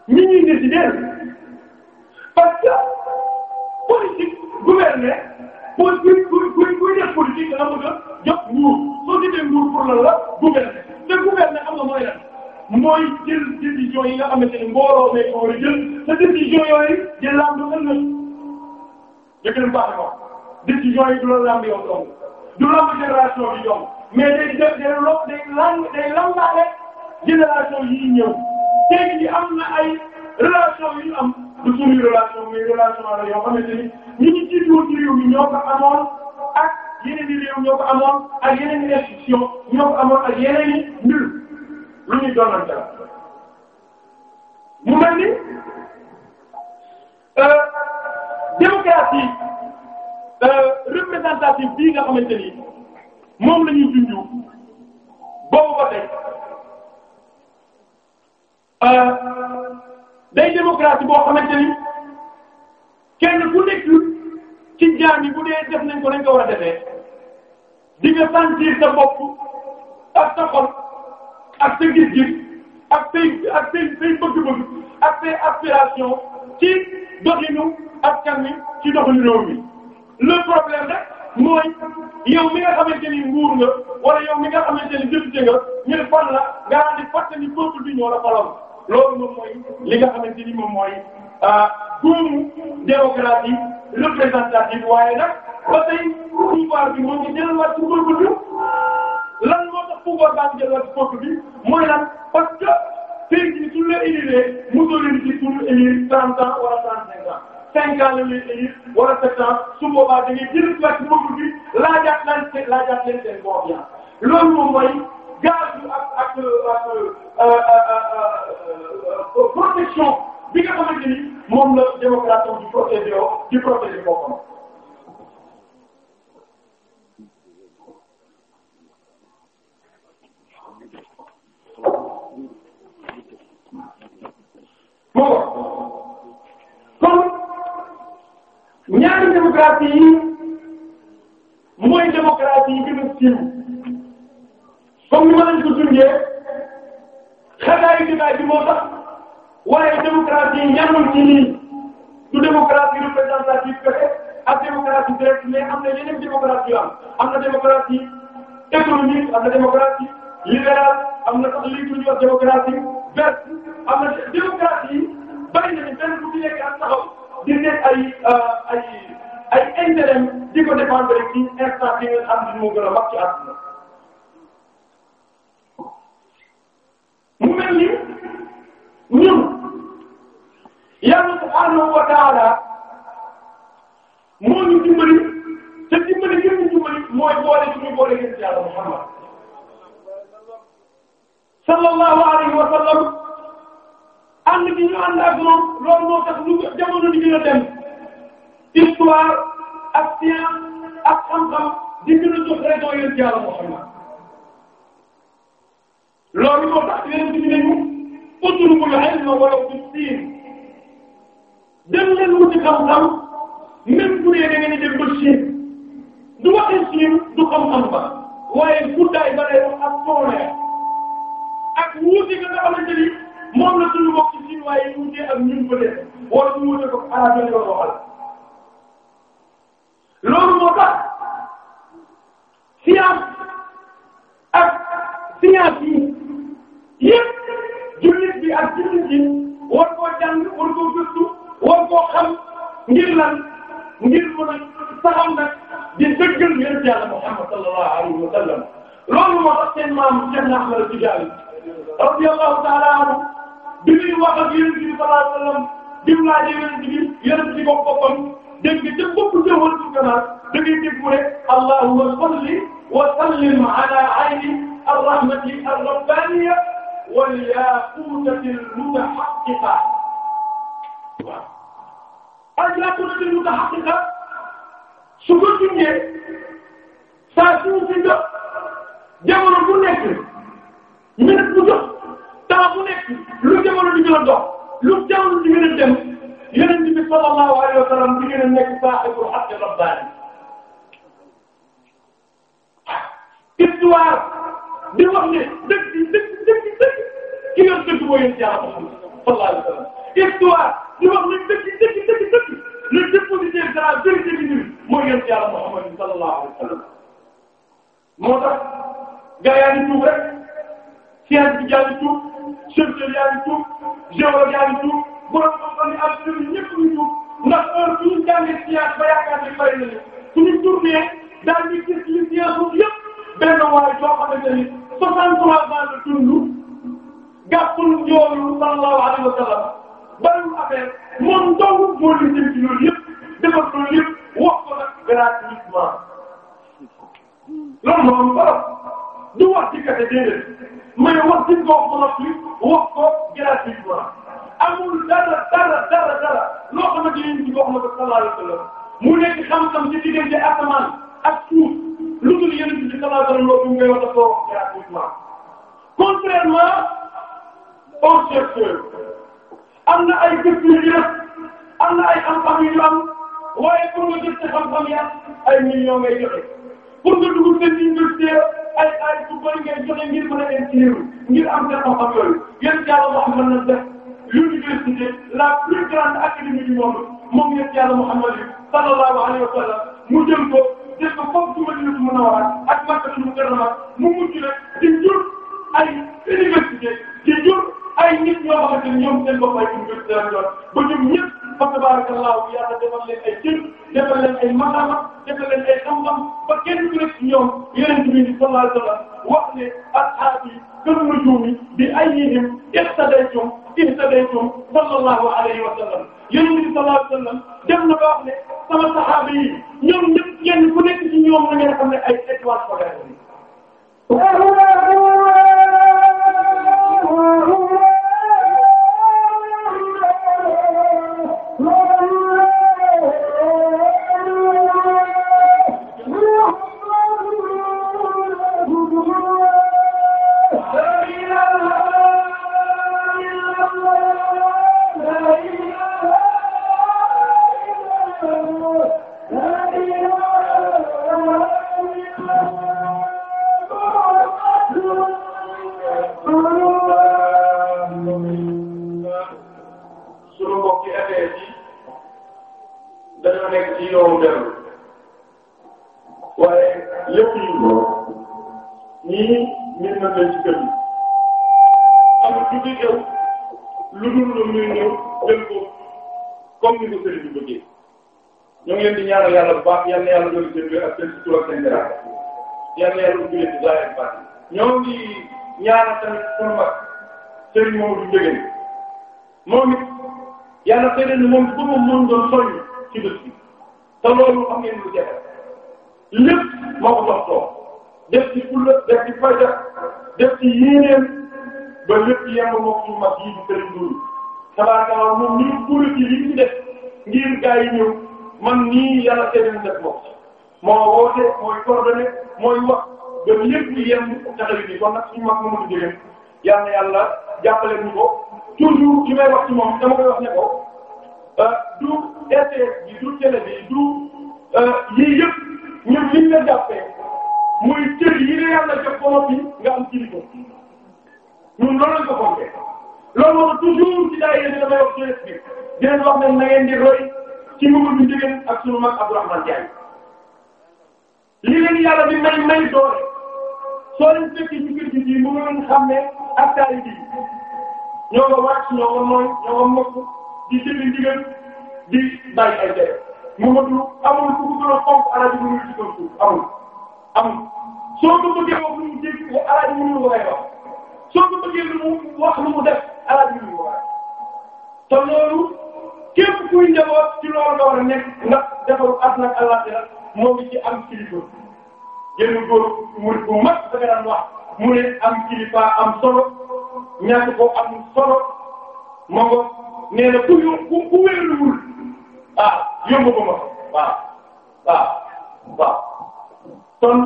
ñi ñuy décider parce que politique gouverner politique kuy kuy kuy def politique dana bëgg a jot nguur société nguur pour lan la gouverner te gouverner am na mooy lan mooy jël décision yi nga xamante ne mbooloo may ko war a jël te décision yooyu di lamb ëllëg dëgg la baax na décision yi du la lamb yow dong du lamb génération bi dong mais day day day lo day lamb day lambaale génération yii ñëw léegi am na ay relation yu am. du suñuy relation mais relation la yoo xamante ni ñi ñu jiitu woon ci réew mi ñoo ko amoon ak yeneen i réew ñoo ko amoon ak yeneen i institution ñoo ko amoon ak yeneen i mbir lu ñuy doonante la mu mel ni euh, démocratie euh, représentative bii nga xamante ni moom la ñuy junju boobu ba tey euh, day démocratie boo xamante ni kenn ku nekk ci jaam yi bu dee def nañ ko nañ ko war a defee di nga sentir sa bopp ak sa xol ak sa gis-gis ak say ak say say bëgg-bëgg ak say aspiration ci doxinu askan wi ci doxinu réew mi le problème rek mooy yow mi nga xamante ni nguur nga wala yow mi nga xamante ni député nga ñu fal la nga daal di fàttali peuple bi ñoo la loolu moom li nga xamante ni moom mooy ah, doomu démocratie représentative waaye nag ba tey pouvoir bi moo bi mooy parce que pays bi suñu la élire Mussolini ci suñu élire trente ans wala trente cinq ans cinq ans la ñuy élire wala sept loolu moom gaz yu ak ak euh, ak euh, euh, protection bi nga xamante ni moom la démocratie di protéger woo di protéger boppam. bon kon ñaari démocratie yi mooy démocratie yi gën a siiw comme ni ma leen ko dundee xanaayu débat bi moo tax waaye i ñaanul ci nii du démocratie représentative ak démocratie directe am na yeneen démocratie am am na démocratie économique am na démocratie libérale am na sax li ñuy wax démocratie am na démocratie bari benn bu ci nekk ak taxaw di nekk ay euh, ay ay intérêt di ko défendre ci instant bi nga xam ne moo gën a mag ci sallallahu alayhi wa sallam ànd gi ñu ànd ak moom loolu moo tax lu jamono di gën a dem histoire ak science ak xam-xam di gën a jox raison yéen Yàlla Muhammad loolu moo tax yéen bi nañu utlubul ilma walaw bis-siin dem leen wuti xam-xam même bu dee da ngeen di dem ba Chine du waxee Chine du xam-xam ba waaye guddaay ba lay wax ak tooleer ak wuute nga xamante ni moom la suñu mbokk chinois yi wuute ak ñun ko def wala ñu wuute ko arabe lañ ko waxal loolu moo tax science ak science yi yépp jullit bi ak jullit bi war koo jàng war koo gëstu war koo xam ngir lan ngir mën a saxam nag di dëggal yonent Yàlla Muhammad sallallahu alayhi wa sallam loolu moo tax seen maam seen nax la ci radiyallahu ta'ala anhu bi ñuy wax ak yéen bi sallallahu alayhi wasallam dim laa yéen bi yéen ci bopp boppam dégg nga ca bopp jëwal ci gannaaw da ngay dégg mu ne allahumma salli wa sallim ala ayni ar-rahmati ar-rabbaniyya wal yaqutati al-mutahaqqiqa waaw al yaqutati al-mutahaqqiqa su ko junjee saa suñu si jot jamono bu nekk minute bu jox temps bu nekk lu jamono di gën a dox lu jamono di gën a dem yeneen bi sallallahu alayhi wa sallam di gën a nekk sahibul haqq rabbani histoire di wax ne dëgg dëgg dëgg dëgg ki nga dëgg mooy yéen jaara Muhammad sallallahu alayhi wa sallam histoire di wax ne dëgg dëgg dëgg dëgg le dépositaire de la vérité divine mooy yéen jaara Muhammad sallallahu alayhi wa sallam moo tax gaa yaa ngi tuub rek. scientifique yaa ngi tuub chercheur yaa ngi bu ñu jàngee science ba yaakaar ne fay nañu suñu tournée daal di gis li science boobu yëpp benn waay joo xamante ni 63 ans la dund gàppul njoolu sallallahu alayhi wa sallam barul day wax dafa wax gratuitement contrairement au secteur am na ay gëstu yu def am na ay am-am yu ñu am waaye pour nga jël sa xam-xam ya ay millions ngay joxe pour nga dugg seen université ay ay su bëri ngay joxe ngir mën a inscrire ngir am seen xam-xam yooyu yéen Yàlla Muhammad na def l'université la plus grande académie du monde moom yéen Yàlla Muhammad sallallahu alayhi wa sallam mu jël ko. def ko foofu ci Madinatu Munawwara ak Makkatul Mukarrama mu mujj nag di jur ay université di jur ay nit ñoo xamante ne ñoom seen bopp ay université la ñu ba ñoom ñëpp tabarakallahu yàlla defal leen ay cër defal leen ay maqama defal leen ay xam-xam ba kenn ku nekk ci ñoom yeneen bi sallallahu alayhi wa sallam wax ne ashaabi kër nujuumi bi ayyihim ihtadaytum ihtadaytum sallallahu alayhi wa sallam yonent bi sallallahu alayhi wasallam dem na ba wax ne sama saxaaba yi ñoom ñëpp kenn ku nekk ci ñoom la ngeen xam ne ay étoiles polaires lañu ci yoonu dellu waaye lépp yi ñii miin nañ leen ci kër yi amul lu ci jëm lu dul lu ñëw jël ko comme ni ko sëriñ bi bëggee ñu ngi leen di ñaanal yàlla bu baax yal na yàlla doon jëndee ak seen sutura ak seen jaraaf yal na yàlla doon jëlee ci zaahir baax ñoo ngi ñaanal tamit sama mag sëriñ Maodo Ndiéguène moom it yàlla seede ni moom ba mu mën doon soññ ci bés bi. te loolu xam ngeen lu jafe lépp moo ko toog def ci fulla def ci fayda def ci yéeneen ba lépp yemb moom ñu mag yi di sëriñ Ndour tabaarkalla moom ñu ngi ci li ñu def ngir gaa yi ñëw man nii yàlla seen def moom moo woote mooy coordonné mooy wax ba lépp yemb taxawu bi kon nag suñu mag moomu di jege yàlla yàlla jàppale ñu ko toujours li may wax ci moom dama koy wax ne ko. Euh, du RTS bi du télé bi du euh, yii yëpp ñun liñ la jàppee muy cër yi ne yàlla jox ko noppi nga am loolu lañ ko loolu moo toujours ci daay yéen damay wax ci les di leen wax ne na ngeen di roy ci Mamadou Ndieguène ak sunu mag Abdourahmane Diagne li leen yàlla di may may doole soo leen fekkee ci mu ngi leen xam ne ak taalibe bi ñoo ko wàcc ñoo ko nooy ñoo ko mokk. di jëli ndigal di bàyyi ay tere Muhammadu amul ku gën a fonk alaaji bu ñuy dugal suuf amul amul soo ko bëggee wax lu mu dégg ko alaaji mënul ko koy wax soo ko bëggee lu mu wax lu mu def alaaji mënul ko koy wax te loolu képp kuy njaboot ci loolu nga war a nekk ndax defaru àdduna ak àllaxira moo ngi ci am kilifa mag da nga daan wax mu ne kilifa am solo ñaata ko am solo moo nee na ku yor ku ku wéeruwul ah yóbbu ko ma waaw waaw waaw kon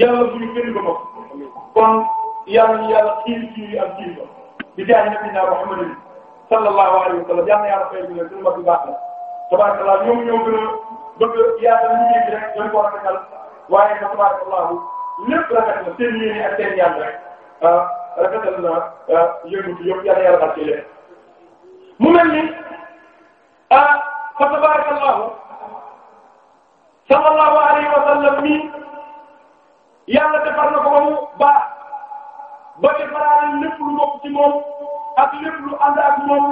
yàlla bu ñu gën ko ma kon yàlla ñu yàlla xiir ci ak xiir ba di jaay nabi na Muhammad sallallahu alayhi wa sallam yàlla yàlla fay ñu ne suñu mbokku baax la tabarakallah ñoom ñoo gën a bëgg yàlla ñu yëg rek dañ ko rafetal waaye nag tabarakallah lépp rafet na seen yéene ak seen yàlla rek ah rafetal na ah, yëngu ci yëpp yàlla yàlla baax ci leen mu mel ni ah fa tabarakallahu sallallahu alayhi wa sallam mi yàlla defar na ko ba mu baax ba defaraale lépp lu bokk ci moom ak lépp lu ànd ak moom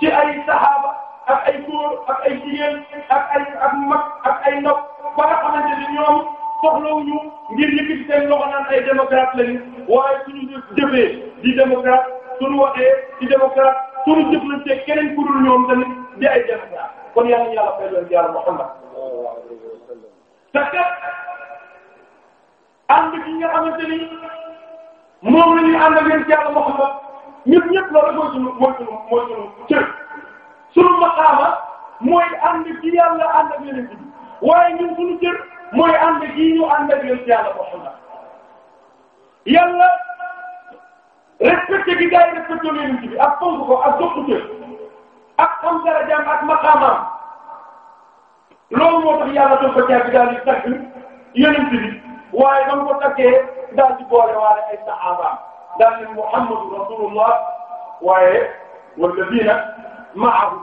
ci ay saxaaba ak ay góor ak ay jigéen ak ay ak mag ak ay ndaw ba nga xamante ni ñoom soxlawuñu ngir yëkkati seen loxo naan ay démocrate lañu waaye suñu jëfee di démocrate suñu waxee di démocrate. suñu jëflante keneen ku dul ñoom tamit di ay jafe-jafe kon yàlla yàlla fay leen yàlla Muhammad te kat ànd gi nga xamante ni moom la ñuy ànd ak yéen yàlla Muhammad ñun ñëpp loolu mooy suñu mooy suñu mooy suñu cër suñu maqaama mooy ànd gi yàlla ànd ak yéen bi waaye ñun suñu cër mooy ànd gi ñu ànd ak yéen yàlla Muhammad yàlla. respecté gi gars yi respecté wu ñu bi ak fonk ko ak jox ak xam darajaam ak maqaamaam loolu moo tax yàlla doon ko jaay daal di tagg yonent bi waaye ba mu ko taggee daal di boole waale ay saxaabaam daal di Muhammadu rasulullah waaye walladina ma'ahu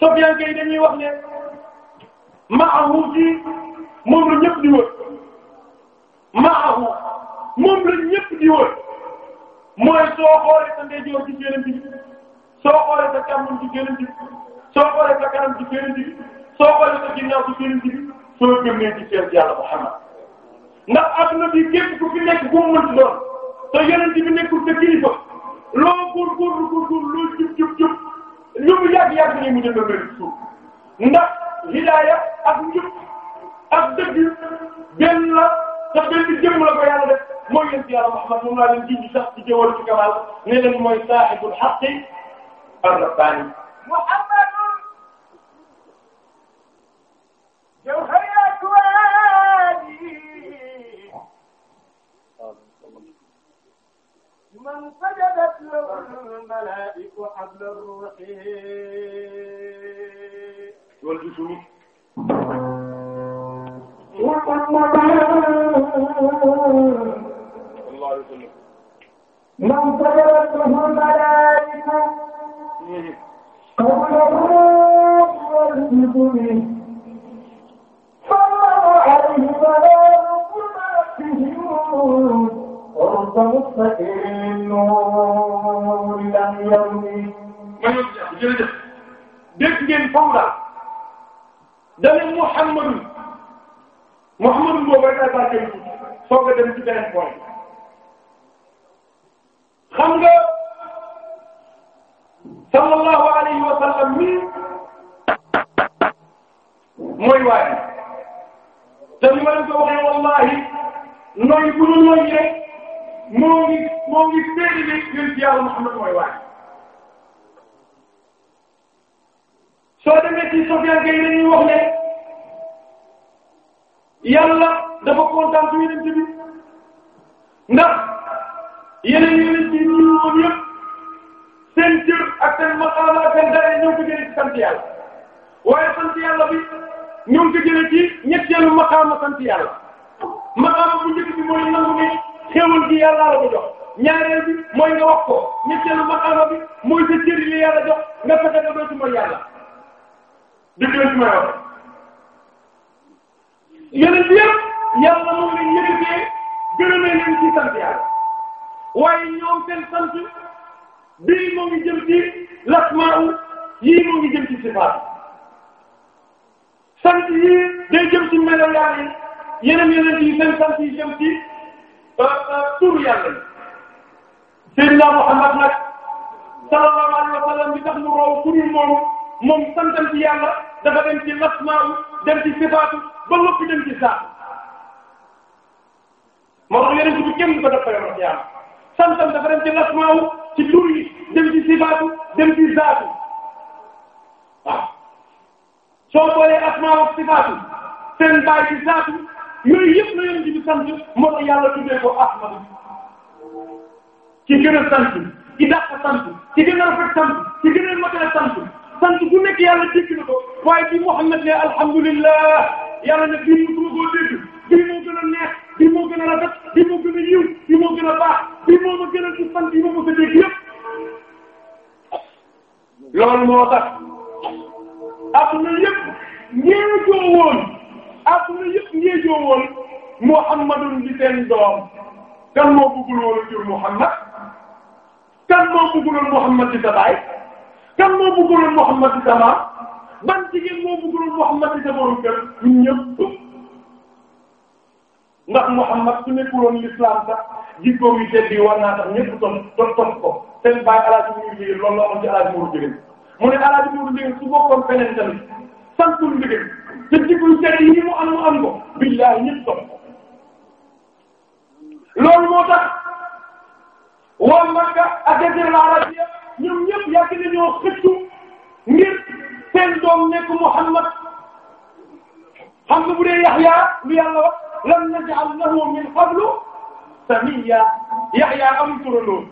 sofiyaan kay dañuy wax ne ma'ahu ci moom la ñëpp di wër ma'ahu moom la ñëpp di wër. mooy soo xoolee sa ndeyjoor ci gëlëm bi soo xoolee sa càmmoñ ci gëlëm bi soo xoolee sa kanam ci gëlëm bi soo xoolee sa ginnaaw ci gëlëm bi soo jëmee ci seen yàlla Muhammad ndax adduna bi képp ku fi nekk ku mu mënti doon te yonent bi nekkul te kilifa loo góor góor góor loo jub jub jub lu mu yàgg yàgg ne mu jënd mel suuf ndax hidaaya ak njub ak dëgg benn la. ndax benn jëmm la ko yàlla def mooy yéen ci yàlla Muhammad moom laa leen jiw sax ci jëwal ci kamal ne leen mooy saahibul haqqi ar-rabbani Muhammadun jawharatu man sajadat lahu al-malaa'ikatu habla ar-ruhi من طلبته الملائكة قبله والرزق به صلى عليه ولا يقاتلهم قرب مستقيم النور لم يرمي jërëjëf dégg ngeen Fawda dana Muhammadu Mouhamadou boobu rek laa bàyyi soog a dem ci beneen xam nga sallallahu alayhi wa mi mooy waaye te li ma leen ko wallahi nooy bu dul nooy rek moo ngi moo ngi seeti ne yéen ci yàlla Mouhamad mooy waaye soo demee ci Sofia Gueye dañuy wax ne. yàlla dafa kontaan ci yeneen bi ndax yeneen yeneen ci ñun moom yëpp seen jër ak seen maqaama seen dara ñoo ko jëlee ci sant yàlla waaye sant yàlla bi ñoo ko jëlee ci ñetteelu maqaama sant yàlla maqaama bu njëkk bi mooy nangu ne xéwal gi yàlla la ko jox ñaareel bi mooy nga wax ko ñetteelu maqaama bi mooy sa cër li yàlla jox nga fexe da doy yàlla di doy ci mooy wax yeneen yëpp yàlla moom la yëkkatee gërëmee leen ci sant yàlla waaye ñoom seen sant bii moo ngi jëm ci lasmaaw yii moo ngi jëm ci sifaat sant yii day jëm ci melo yàlla yi yeneen yeneen yi seen sant yi jëm ci euh, euh, turu yàlla yi Seydina Muhammad nag sallallahu alayhi wa sallam bi tax mu raw turu moom moom santam ci yàlla dafa dem ci lasmaaw dem ci sifaatu ba dem ci saatu moo tax yeneen bi kenn du ko def fa yomal xiyaama santam dafa dem ci lasmaaw ci tur dem ci sifaatu dem ci zaatu soo boolee asmaaw ak sifaatu seen baay ci zaatu yooyu yëpp la yeneen bi sant moo tax yàlla tuddee ko asmaa ci gën a sant ci dàq sant ci gën a rafet sant ci gën a matale sant bu nekk yàlla dégg na ko waaye bi Muhammad ne alhamdulillah yàlla ne bii mosuma koo dégg bii moo gën a neex bii moo gën a rafet bii moo gën a yiw bii moo gën a baax bii moo ma gën a ci sant yi ma mos a dégg yëpp loolu moo tax adduna yëpp ñeejoo woon adduna yëpp ñeejoo woon Muhammadun di seen doom kan moo bëggul woon jur Muhammad kan moo bëggul woon Muhammad di sa baay kan moo bëggoon Muhammad Dama ban jigéen moo bëggoon Muhammad Dama woon kër ñun ñëpp ndax Muhammad su nekkuloon l'islam sax jikko yu tedd naa tax ñëpp doon doon toog ko seen baay alaaji muur jigéen loolu la amoon ci alaaji muur jigéen mu ne alaaji muur jigéen su bokkoon feneen tamit santul jigéen te jikko yu tedd yi mu am mu am ko billahi ñëpp toog loolu moo tax waa Makka ak Arabie ñoom ñëpp yàgg nañoo xëccu ngir seen doom nekk Muhammad xam nga bu dee Yaxya lu yàlla wax lam naj'al lahu min qablu samiyya Yaxya amul turandoo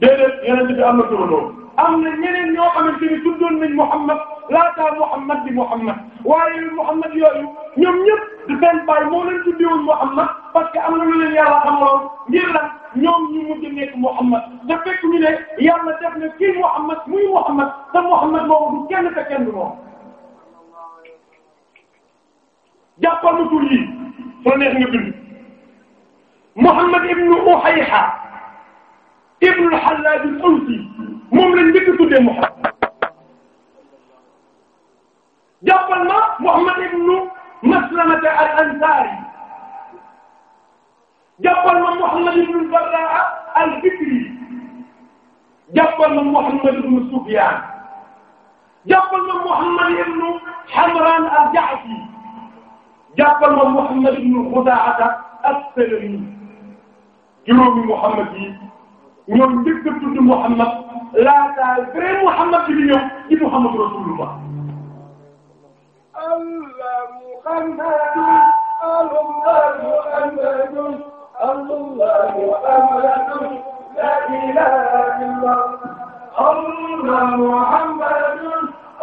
déedéet yeneen bi am na turandoo am na ñeneen ñoo xamante ni tuddoon nañ Muhammad laataa Muhammad di Muhammad waaye Muhammad yooyu ñoom ñëpp di seen baay moo leen tuddewoon Muhammad parce que am na lu leen yàlla xamaloon ngir lan ñoom ñu mujj nekk Muhammad te fekk ñu ne yàlla def na kii Muhammad muy Muhammad te Muhammad moomu du kenn te kenn du moom. jàppal ma tur yi su la neex nga bind Muhammad ibnu Uhayha ibnu al-Hallaj al-Awsi moom lañ njëkk a tuddee Muhammad jàppal ma Muhammad ibnu Maslamata al-Ansari jàppal ma Muhammad ibn Barraa al-Bikri jàppal ma Muhammad ibn Sufyaan jàppal ma Muhammad ibn Hamraan al-Ja'fi jàppal ma Muhammad ibn Xudaa'ata as-Salami juróomi Muhammad yi ñoom njëkk a tudd Muhammad laata vrai Muhammad bi ñëw ci Muhammad Rasulullah Allah Muhammad Allah Muhammad الله أمركم لا إله إلا الله محمد الله محمد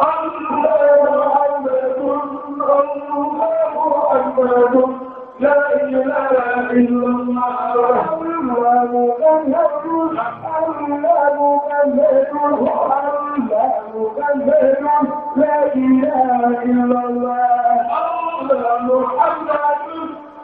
الله أكبر لا إله إلا الله الله مكبر الله مكبر الله مكبر لا إله إلا الله الله محمد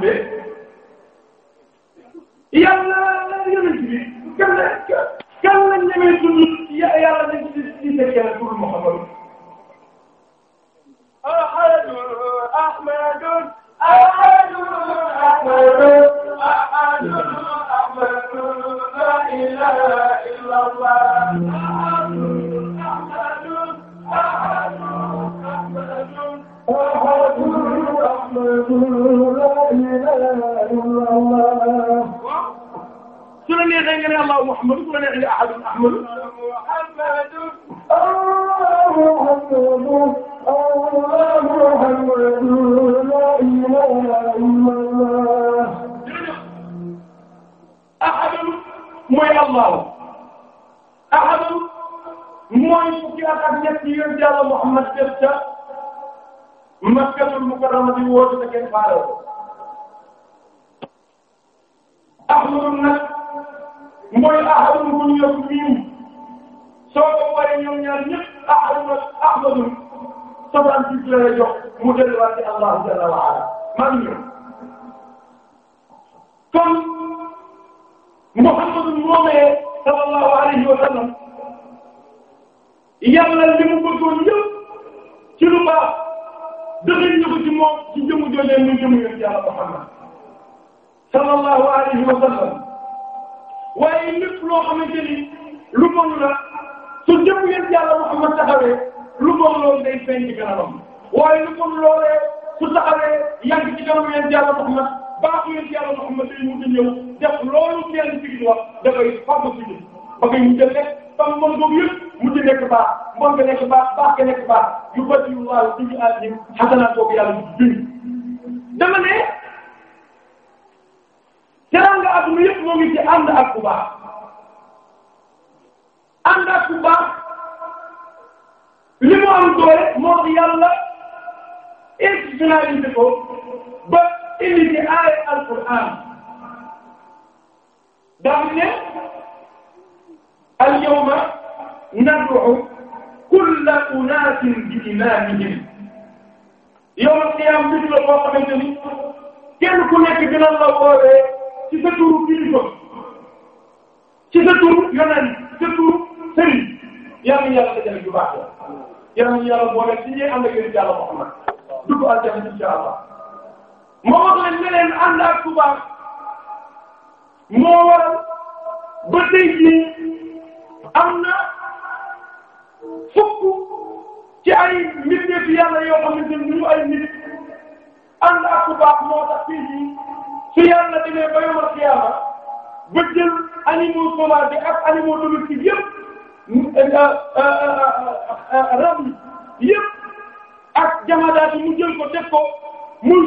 tuddee yàlla yonent bi kan la kan la ñemee tudd yàlla dañ ci di nekkee tur Muhammad ahadu ahmadu ahadu ahmadu ahadu ahmadu la ilaha illallah neexee allahu muhammadu bu la neexee ahadun ahmadu ahadun mooy allahu ahadun mooy fukki at ak ñett yi yéen yàlla muhammad def ca makkatul mukarramati woote te kenn faale ko ahmadu nag mooy ahadun bu ñu yëg miin soo ko waree ñoom ñaar ñëpp ahadun ak ahmadun soixante-six la la jox mu delluwaat ci Allah jalla wa ala maa ngi ñëw kon Muhammadu moomee sallallahu alayhi wa sallam yàlla li mu bëggoon yëpp ci lu baax dëgg ñu ko ci moom ci jëmu jooju muy jëmu yëpp yàlla Muhammad sallallahu alayhi wa sallam waaye lépp loo xamante ni lu bon la su jëm yéen yàlla Muhammad taxawee lu bon loolu day feeñ ci kanamam waaye lu bon loolee su taxawee yàgg ci kanam yéen yàlla Muhammad baaxu yéen yàlla Muhammad day mu di ñëw def loolu kenn ci wax dafay fàmm ci ñun ba koy mu jël rek fam moom boobu yëpp mu di nekk baax mbon nga nekk baax baax nga nekk baax yu bëri yu waaw suñu àll bi xasanaat boobu yàlla du dama ne. teranga adduna yëpp moo ngi ci ànd ak ku baax ànd ak ku baax li mu am doole moo di yàlla externalisé ko ba indi ci aaya alquran daf ne al yawma nad'u kulla unaasin bi imaamihim yawma qiyaam bis la boo xamante ni kenn ku nekk dina la woowee ci sa turu kilifa ci sa turu yonent ci sa turu sëriñ yal nañu yàlla dajale ju baax la yal nañu yàlla boole ci ñi ànd ak yéen yàlla Muhammad dugg aljanna moo wax leen ne leen moo waral ba tey jii am na fukk ci ay mbir yàlla yoo xamante ni ñu ay nit ànd moo tax tey su yàlla demee ba yawmal qiyaama ba jël animaux sauvages yi ak animaux domestiques yëpp euh, euh, euh, rab yi yëpp ak jamadaat mu jël ko def ko mu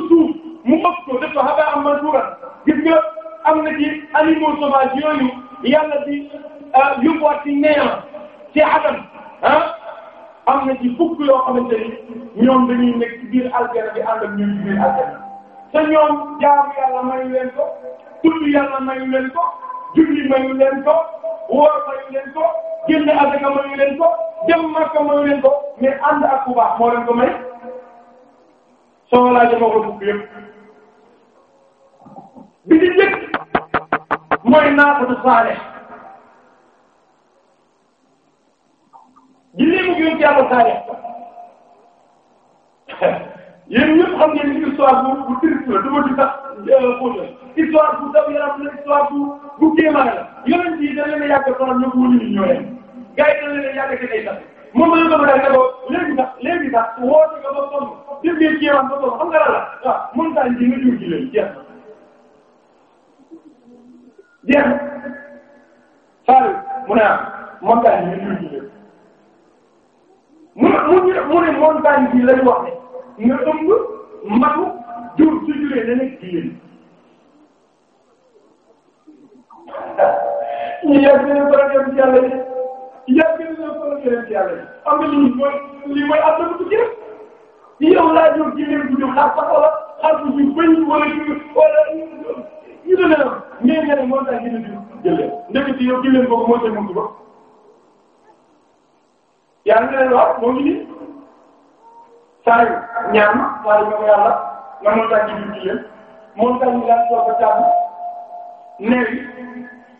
ëpp ko def ko habaa'an mansuuraa gis am na ci animaux sauvages yooyu yàlla di yóbbuwaat ci néant ci adam ah am na ci fukk yoo xamante ni nekk ci biir aljana bi ànd ak ñoom ci biir te ñoom jaamu yàlla mayu leen ko tudd yàlla mayu leen ko julli mayu leen ko woor mayu leen ko génn asaka mayu leen ko dem Makka mayu leen ko mais ànd ak ku baax moo leen ko may soo laajee ma ko dugg yëpp bi di njëkk mooy naafatu saalih ji lii mu gën yàlla saalih yéen ñëpp xam ngeen ni histoire bu bu triste la dama di sax euh, fóot la histoire bu daw yaram la histoire bu bu kéemaane la yonent yi dañ leen a yàgg faram ñëpp wuñu nit ñoo yem gars yi dañ leen a yàgg te day sax moom la ñu ko daal ko léegi sax léegi sax woote nga ba sonn def ngeen kéemaan ba sonn xam nga lan la waaw montagne bi nga jur ji leen jeex jeex Sall mu ne ah montagne bi nga jur ji leen mu ne mu ne montagne bi lañ wax ne nga ëmb matu jur su juree na nekk jigéen ñu yàgg nañu problème ci yàlla yi yàgg nañu problème ci yàlla yi am na lii mooy lii mooy am na lu ci def yow laa jur jigéen bu ñu xaar sax wala xaar bu ñu bëñ wala wala ñu ne la mais nga ne moo tax ñu ne jur jëlee ndekete yow jëlee boobu moo ca mëntu ba yaa ngi leen wax moo ngi nii. saa yu ñaan waaye ñoo yàlla nga montagne yi di leen montagne yi daal toog a jàpp neer yi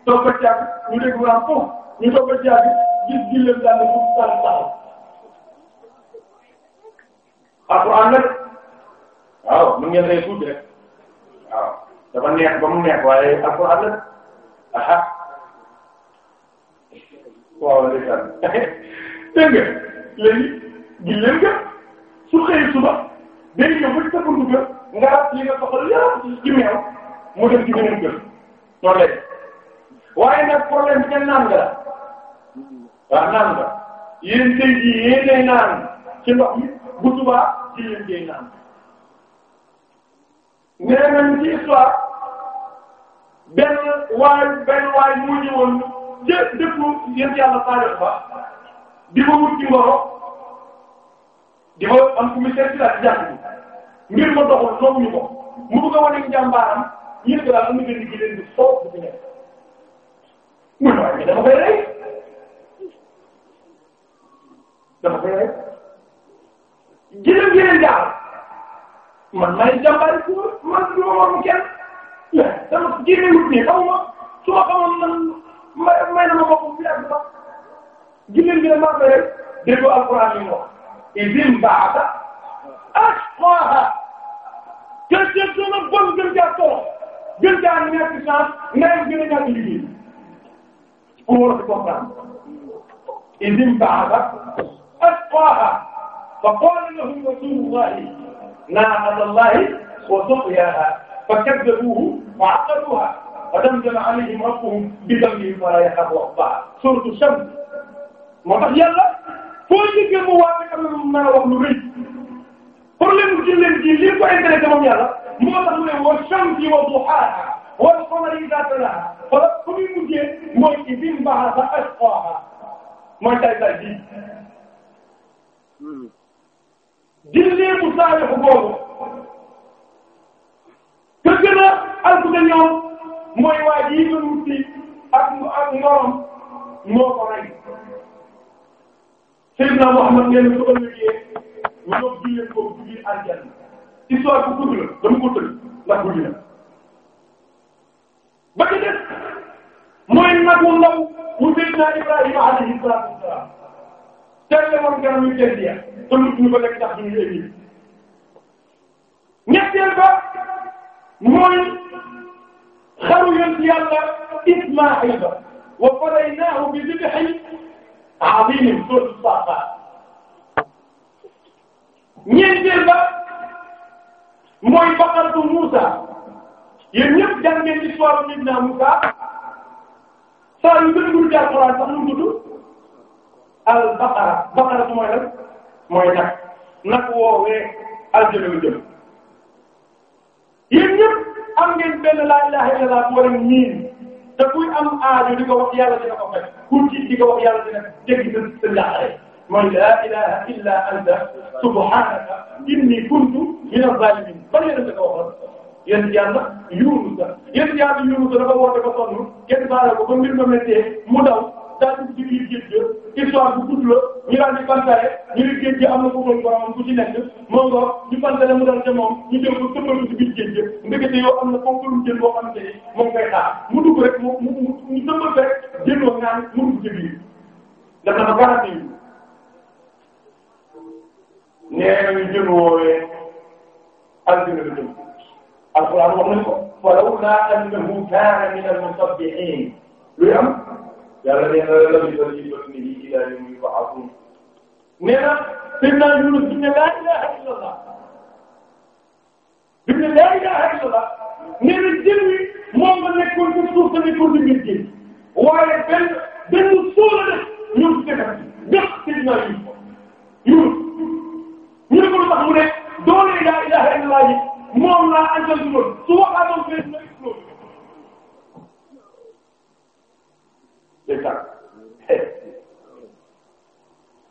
toog a jàpp ñu dégg mu naan foofu ñu toog a jàpp gis di leen daal di ko saa yu taxaw. alquran nag waaw mën ngeen lay tuuti rek waaw dafa neex ba mu neex waaye alquran nag aha waaw ndeysaan <laughs> dégg nga léegi gis leen nga. su xëyee suba day ñëw ba ci sa buntu kër nga ràpp li nga soxla yëpp ci meew mu dem ci beneen kër noonu lay waaye nag problème bi kenn naan nga la waaw naan nga yéen tey jii yéenay naan ci ndox mi bu subaa ci yéen ngay naan nee nañ ci histoire benn waay benn waay moo ñëwoon ca dëkku yéen yàlla saa ba di ko wut ci ngoro di ma am ku muy seet si laa si jàpp bi ngir ma doxul nooguñu ko mu bëgg a wane njàmbaaram ñu ne ko daal am na benn jigéen bi foofu bu fi nekk muy waaye mais dama koy rey dama koy rey jërëjëf jërëjëf jaar man maa ngi jàmbaari pour man du ma waroon kenn dama jërëjëf wut nii xaw ma su ma xamoon man may may na ma boppam fi àgg ba jigéen bi ne maa koy rey déggoo alxuraan yi mu wax. izim baaxa asqaaha te te gën a bon gën jaa torox gën jaa nekk chance nawet gën a ñàkk liggéey pour war a ko comprendre izim baaxa asqaaha fa qaala lahum rasuulullaahi naaqata llaahi wa suqyaahaa fa kazzabuuhu fa aqaruuhaa fa damdama alayhim rabbuhum bi dambihim wa laa yaxaafu uqbaahaa suuratu Shams moo tax yàlla boo njëkkee mu waat rek am na lu mën a wax lu rëy problème mu jëlee ji lii ko intéressé moom yàlla moo tax mu ne wa shamsi wa duhaaha wal qamari idhaa talaaha wala fu muy mujjee mooy idhimbaha ashqaaha mooy tay tay ji. Hmm. jëlee bu saalihu boobu te gën a alku te ñoom mooy waa ji doon wuti ak ak ñoom moo ko rey. Seydina Muhammad nee na su ëllëgee ñu doon jullee ko ci biir aljanna histoire bu gudd la dama ko tëj ndax gudd na ba ci des mooy nag mu ndaw mu Seydina Ibrahima alayhi salaatu wasalaam teel la woon garab yu teel ya te lu ñu ko lekk tax duñu émis ñetteel ba mooy xaru yonent yàlla Ismaayil ba wa fadaynaahu bi dibhin amiin loolu baax ñeenteel ba mooy baqaratu Moussa yéen ñëpp jàng ngeen histoire bi Seydina Moussa saa yu gën a gudd jaar Alxuraan sax mu gudd al baqara baqara mooy lan mooy nag nag woowee aljana la jëm yéen ñëpp am ngeen benn laa ilaaha illallaah war a miin te kuy am aajo di ko wax yàlla dina ko faj ku tiit di ko wax yàlla dina dégg sa sa jaaxle mooy laa ilaha illa anta subhanaka inni kuntu min az-zalimin ban yéen a ko waxoon yéen yàlla Yunus yéen yàlla Yunus dafa woote ba sonn kenn baale ko ba mbir ma méttee mu daw daa dugg ci biir géej gi histoire bu gudd la ñu daal di pantare ñu ne géej gi am na ko mën boromam ku ci nekk moo nga ñu pantare mu dal ca moom ñu jël ko tëmbal ko ci biir géej gi ndekete yow am na fonk lu jën boo xamante ni moom ngay xaar mu dugg rek mu mu mu tëmbal rek jën wa ngaan mu dugg ci biir def na ko garanti yi nee ñu jën woowee aldina la jëm alxuraan wax nañ ko walaw laa annahu kaana min al-musabbihiin luy am yàlla nee na la ñu bëri ñu bëri nit ñi daal ñu ko atum nee na Seydina Yunus bi ne laa ilaha illallah bi ne laa ilaha illallah nee na jën wi moom la nekkoon ci suuf tamit pour di ngir ji waaye benn benn suuf la def ñoom dëkk def Seydina Yunus ñu ne ko lu tax mu ne doole laa ilaha illallah yi moom laa àndal su waxaatoon dégg nga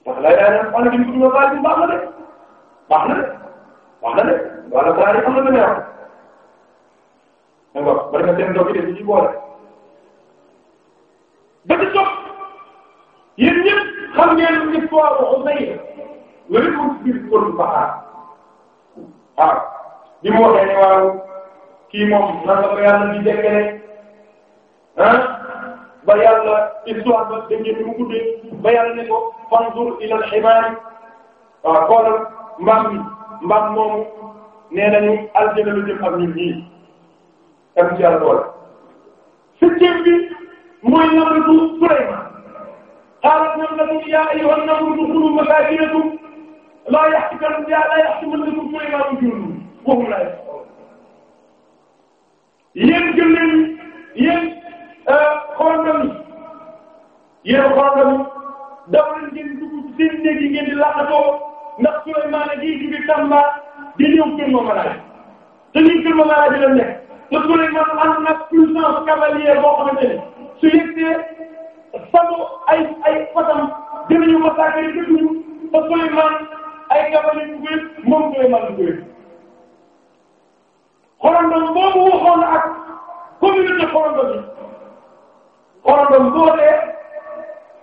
ndax lay daal di xool nit ñi ñu baax na de baax na de baax na de wala baal yi am na lu ne am d'accord bari na seen ndox yi de ci boole ba ci topp yéen ñëpp xam ngeen ni poids boo xam ne yéen ko biir kóol baaxaar waaw li mu waxee ne waaw kii moom nan la ko yàlla di dekkee ah. ba yàlla histoire ba dégg ngeen ni mu guddee ba yàlla ne ko fanzur al ximaar waaw xoolal mbaam mi mbaam moomu nee nañu aljana lu jëm ak ñun ñii am ci yàlla doole. septième bi mooy namratu Sulaymaan qaalat namratu yaa ayyuhan namru udxulu masaakinakum laa yahtimannakum laa yahtimannakum Sulaymaan junuuduhu wa hum laa yash'uruun xorondom yi yéen xorondom yi daw leen ngeen dugg seen néeg yi ngeen di laqatoo ndax Souleymane di Tamba di ñëw Kër Mamalaay te ñun Kër Mamalaay bi la nekk te Souleymane am na puissance cavalier boo xamante ne su yegsee sago ay ay fatam dinañu massacrer dëkk ñu te Souleymane ay cavalier bu koy moom Souleymane bu koy xorondom boobu waxoon ak communauté xorondom yi. xoolal mboolee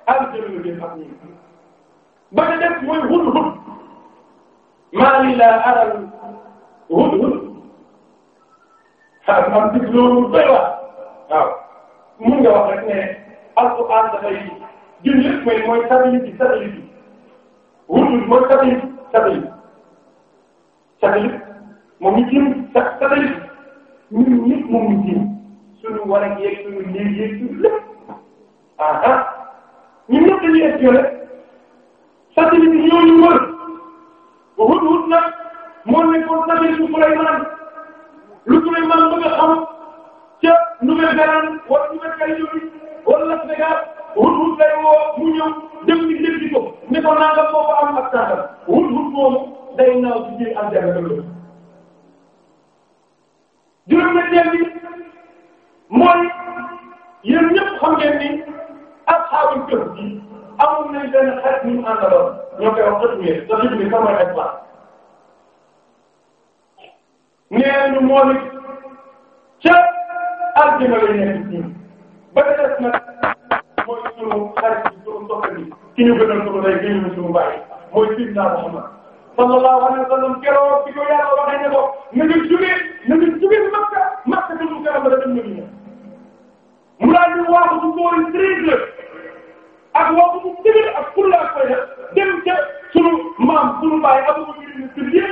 aljëriñu bi xam ni ba nga def mooy hudhud maa li laa aral hudhud ah am dig loolu doy waar waaw mun nga wax rek ne alquran dafay jënd lépp mooy mooy satellite bi satellite bi hudhud mooy satellite satellite satellite moom ñu jëm satellite ñun ñëpp moom ñu jëm suñu war ak yeeg suñu léeg-léeg lépp. ah ah ñun ñëpp dañuy espionné satellite yi ñoo ñu wër wut wut nag moo nekkoon satellite bu Souleymane lu Souleymane bëgg a xam ca Nouvelle-Zélande wala Nouvelle-Calédonie wala Las Vegas wut wut woo mu ñëw dem ci dégg ko ne ko naan la foofu am ak tàngal wut wut moomu day naaw ci biir antenne ba loolu. juróom-ñetteel bi mooy yéen ñëpp xam ngeen asxaabul kahfi amul nañ benn xarit ñu àndaloon ñoo koy wax xëtmiir te xëtmiir sama exemple nee ñu moo nit ca aljana lay nekk ñun ba des nag mooy sunu xarit bi sunu soxla bi ki ñu gënal sunu day gënuñu sunu bàyyi mooy Sayyidina Muhammad sallallahu alayhi wa sallam keroog bi ko yàlla waxee ne ko na nga jógee na nga jógee Makka Makka dugg kanam la dem Madina mu daal di waaxu ci boori treize heures ak waaxu bu dëgër ak pour la fay dem ca sunu maam sunu baay amu ko jëriñu ci biir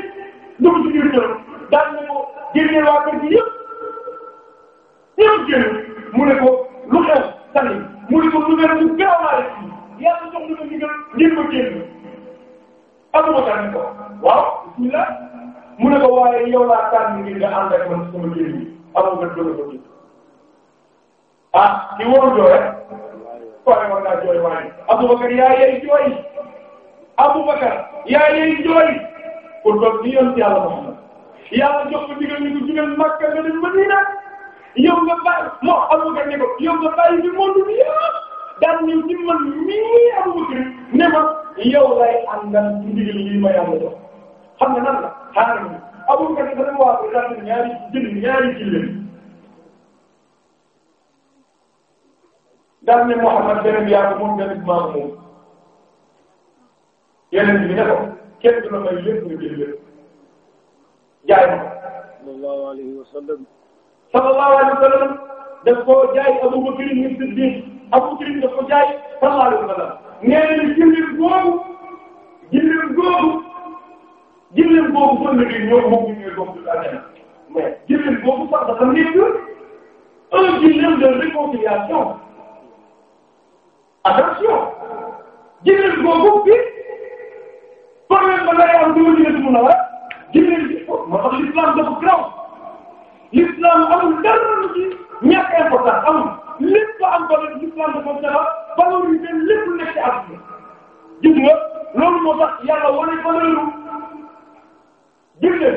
dugg ci biir ñoom daal na ko génnee waa kër gi yëpp ñëpp génn mu ne ko lu xew tani mu ne ko lu mel ni gaawaale bi yàlla jox na ko ndigal ngir ko génn amu ko tànn ko waaw bismillah mu ne ko waaye yow laa tànn ngir nga ànd ak man sama jëriñ amoo nga doon ko ah ki waru jooy kone war naa jooy waaye Abubakar yaa yey jooy Abubakar yaa yey jooy pour doon ni yoon yàlla Muhammad yàlla jox ko digal ñu ko jugee Makka nga dem Madina yow nga bàyyi moo Abubakar ne ko yow nga bàyyi bi monde bi yëpp daan ñëw ci man mii Abubakar ne ma yow lay àndal ci digal yi ma yàlla jox xam nga nan la xaaral Abubakar dafa waa ko daal ñaari jënd ñaari jënd daal ne Muhammad beneen yaa ko moom beneen maa ko moom yeneen bi ne ko kenn du la may lépp nga jël lépp jaay ma sallallahu alayhi wa sallam sallallahu alayhi wa sallam daf ko jaay Abu Bakr ni Siddiq Abu Bakr daf ko jaay sallallahu alayhi wa sallam nee na jëleel googu jëleel googu jëleel googu fan la ñuy ñoom moom ñuy dox du àjjana mais jëleel googu sax dafa nekk un jëleel de réconciliation attention jëndee googu bi problème ba nga am du ma jënd mun a war jëndee ko moo tax l'islam dafa graw l'islam amul dara ci ñàkk importance amul lépp ba am doole l'islam dafa dara valoriser lépp nekk ci àdduna gis nga loolu moo tax yàlla wane valeur jëndee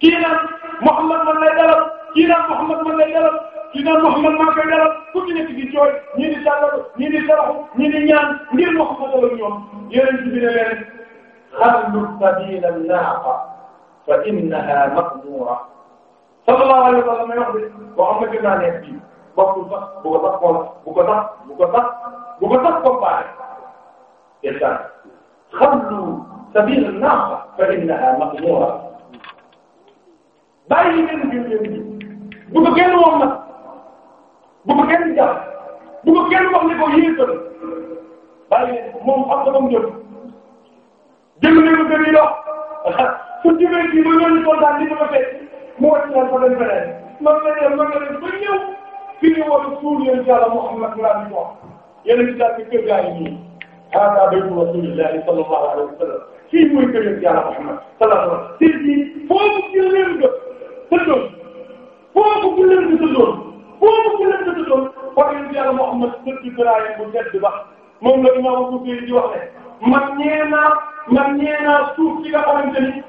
kii naan Muhammad man lay dalal kii naan Muhammad man lay dalal. dina Muhammad maa koy dalal ku ci nekk di jooy ñii di jàllalu ñii di saraxu ñii ne leen xallu sabila naaqa fa innaha maqmuura sallallahu alayhi wa bu ko sax xool bu ko kenn jàpp bu ko kenn wax ne ko yéesal bàyyi moom xam nga ba mu jëm jëm ne ko gën yi dox <laughs> su jëmee kii ba ñooñu kontaan di ko fekk mu wàcc naan fa dem feneen man la ñëw man la ñëw ba ñëw fi ñu war a suul yéen yàlla Muhammad laa di wax yéen a ngi daal di kër gaa yi nii hada baytu rasulillahi sallallahu alayhi wa sallam kii mooy kër yéen yàlla Muhammad sallallahu alayhi wa sallam foofu ci leen gë sa doon foofu ci leen gë sa doon foofu la tëddoon wax yonent yàlla Muhammad sëdd Ibrahim bu tedd ba moom la imam Bukhari di wax ne man ñeenaa man ñeenaa suuf si nga xamante ni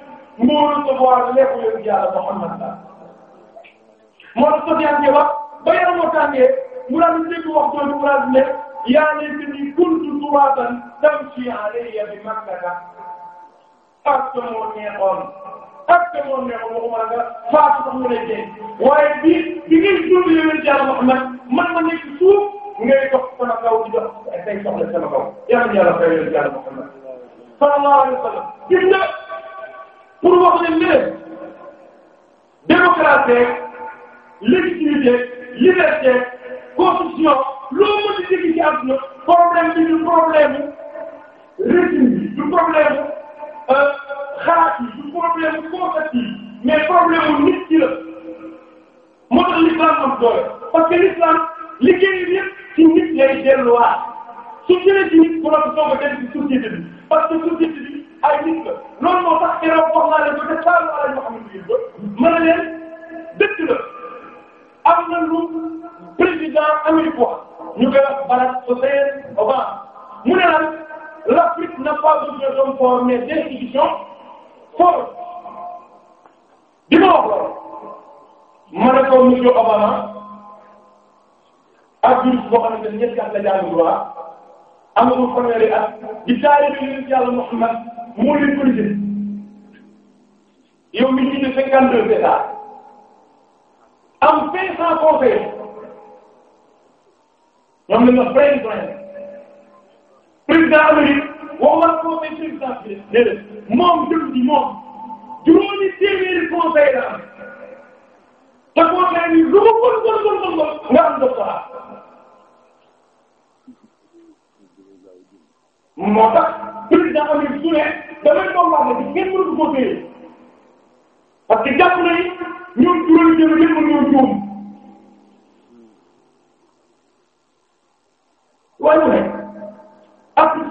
moo recevoir lépp yonent yàlla Muhammad la moo tax Sofiane wax ba yaram moo tàngee mu daan dégg wax jooju mu daan ne yaa laytanii kuntu turaban tamshi alayya bi Makkata ak moo neexoon parce que moom nee ko waxuma nga faatu sax mu lay dee waaye bi bi ngay dund yeneen yàlla Muhammad man ma nekk suuf ngay jox sama kaw di jox ay soxla sama kaw yàlla yàlla fay yeneen yàlla Muhammad sallallahu alayhi wa sallam gis nga pour wax ne léegi démocratie légitimité liberté constitution loo mën di dégg ci àdduna problème bi du problème régime bi du problème euh, xalaat yi problème mu concept yi mais problème mu nit ki la moo tax l'islam am doole parce que l'islam liggéey bi yëpp ci nit lay delluwaat su jëlee ci nit borom soog a dem ci société bi parce que société bi ay nit la loolu moo tax keroog wax naa te saalu ala ñoo xam ne bii ba mën a leen dëkk président Amérique wax ñu koy wax Barack Hussein Obama l'Afrique n'a pas besoin d'hommes forts foofu di ma wax loolu ma ne ko monsieur Obama ak jur boo xamante ne ñetti at la jàng droit amagul fanweeri at di taalibe yonent Yàlla Muhammad moo leen politique yow mi jiite cinquante deux états am cinq cent conseillers ñoom la nga président président Amérique waaw war koo may seen saaf bi ne leen moom jël ci moom juróomi téeméeri conseil la am te conseil yi lu ko bon bon bon bon bon nga am doctorat moo tax président Amir Touré damay doon wax ne kenn mënu ko téye parce que jàpp na ni ñoom juróomi téeméer yëpp ñoo juum waaye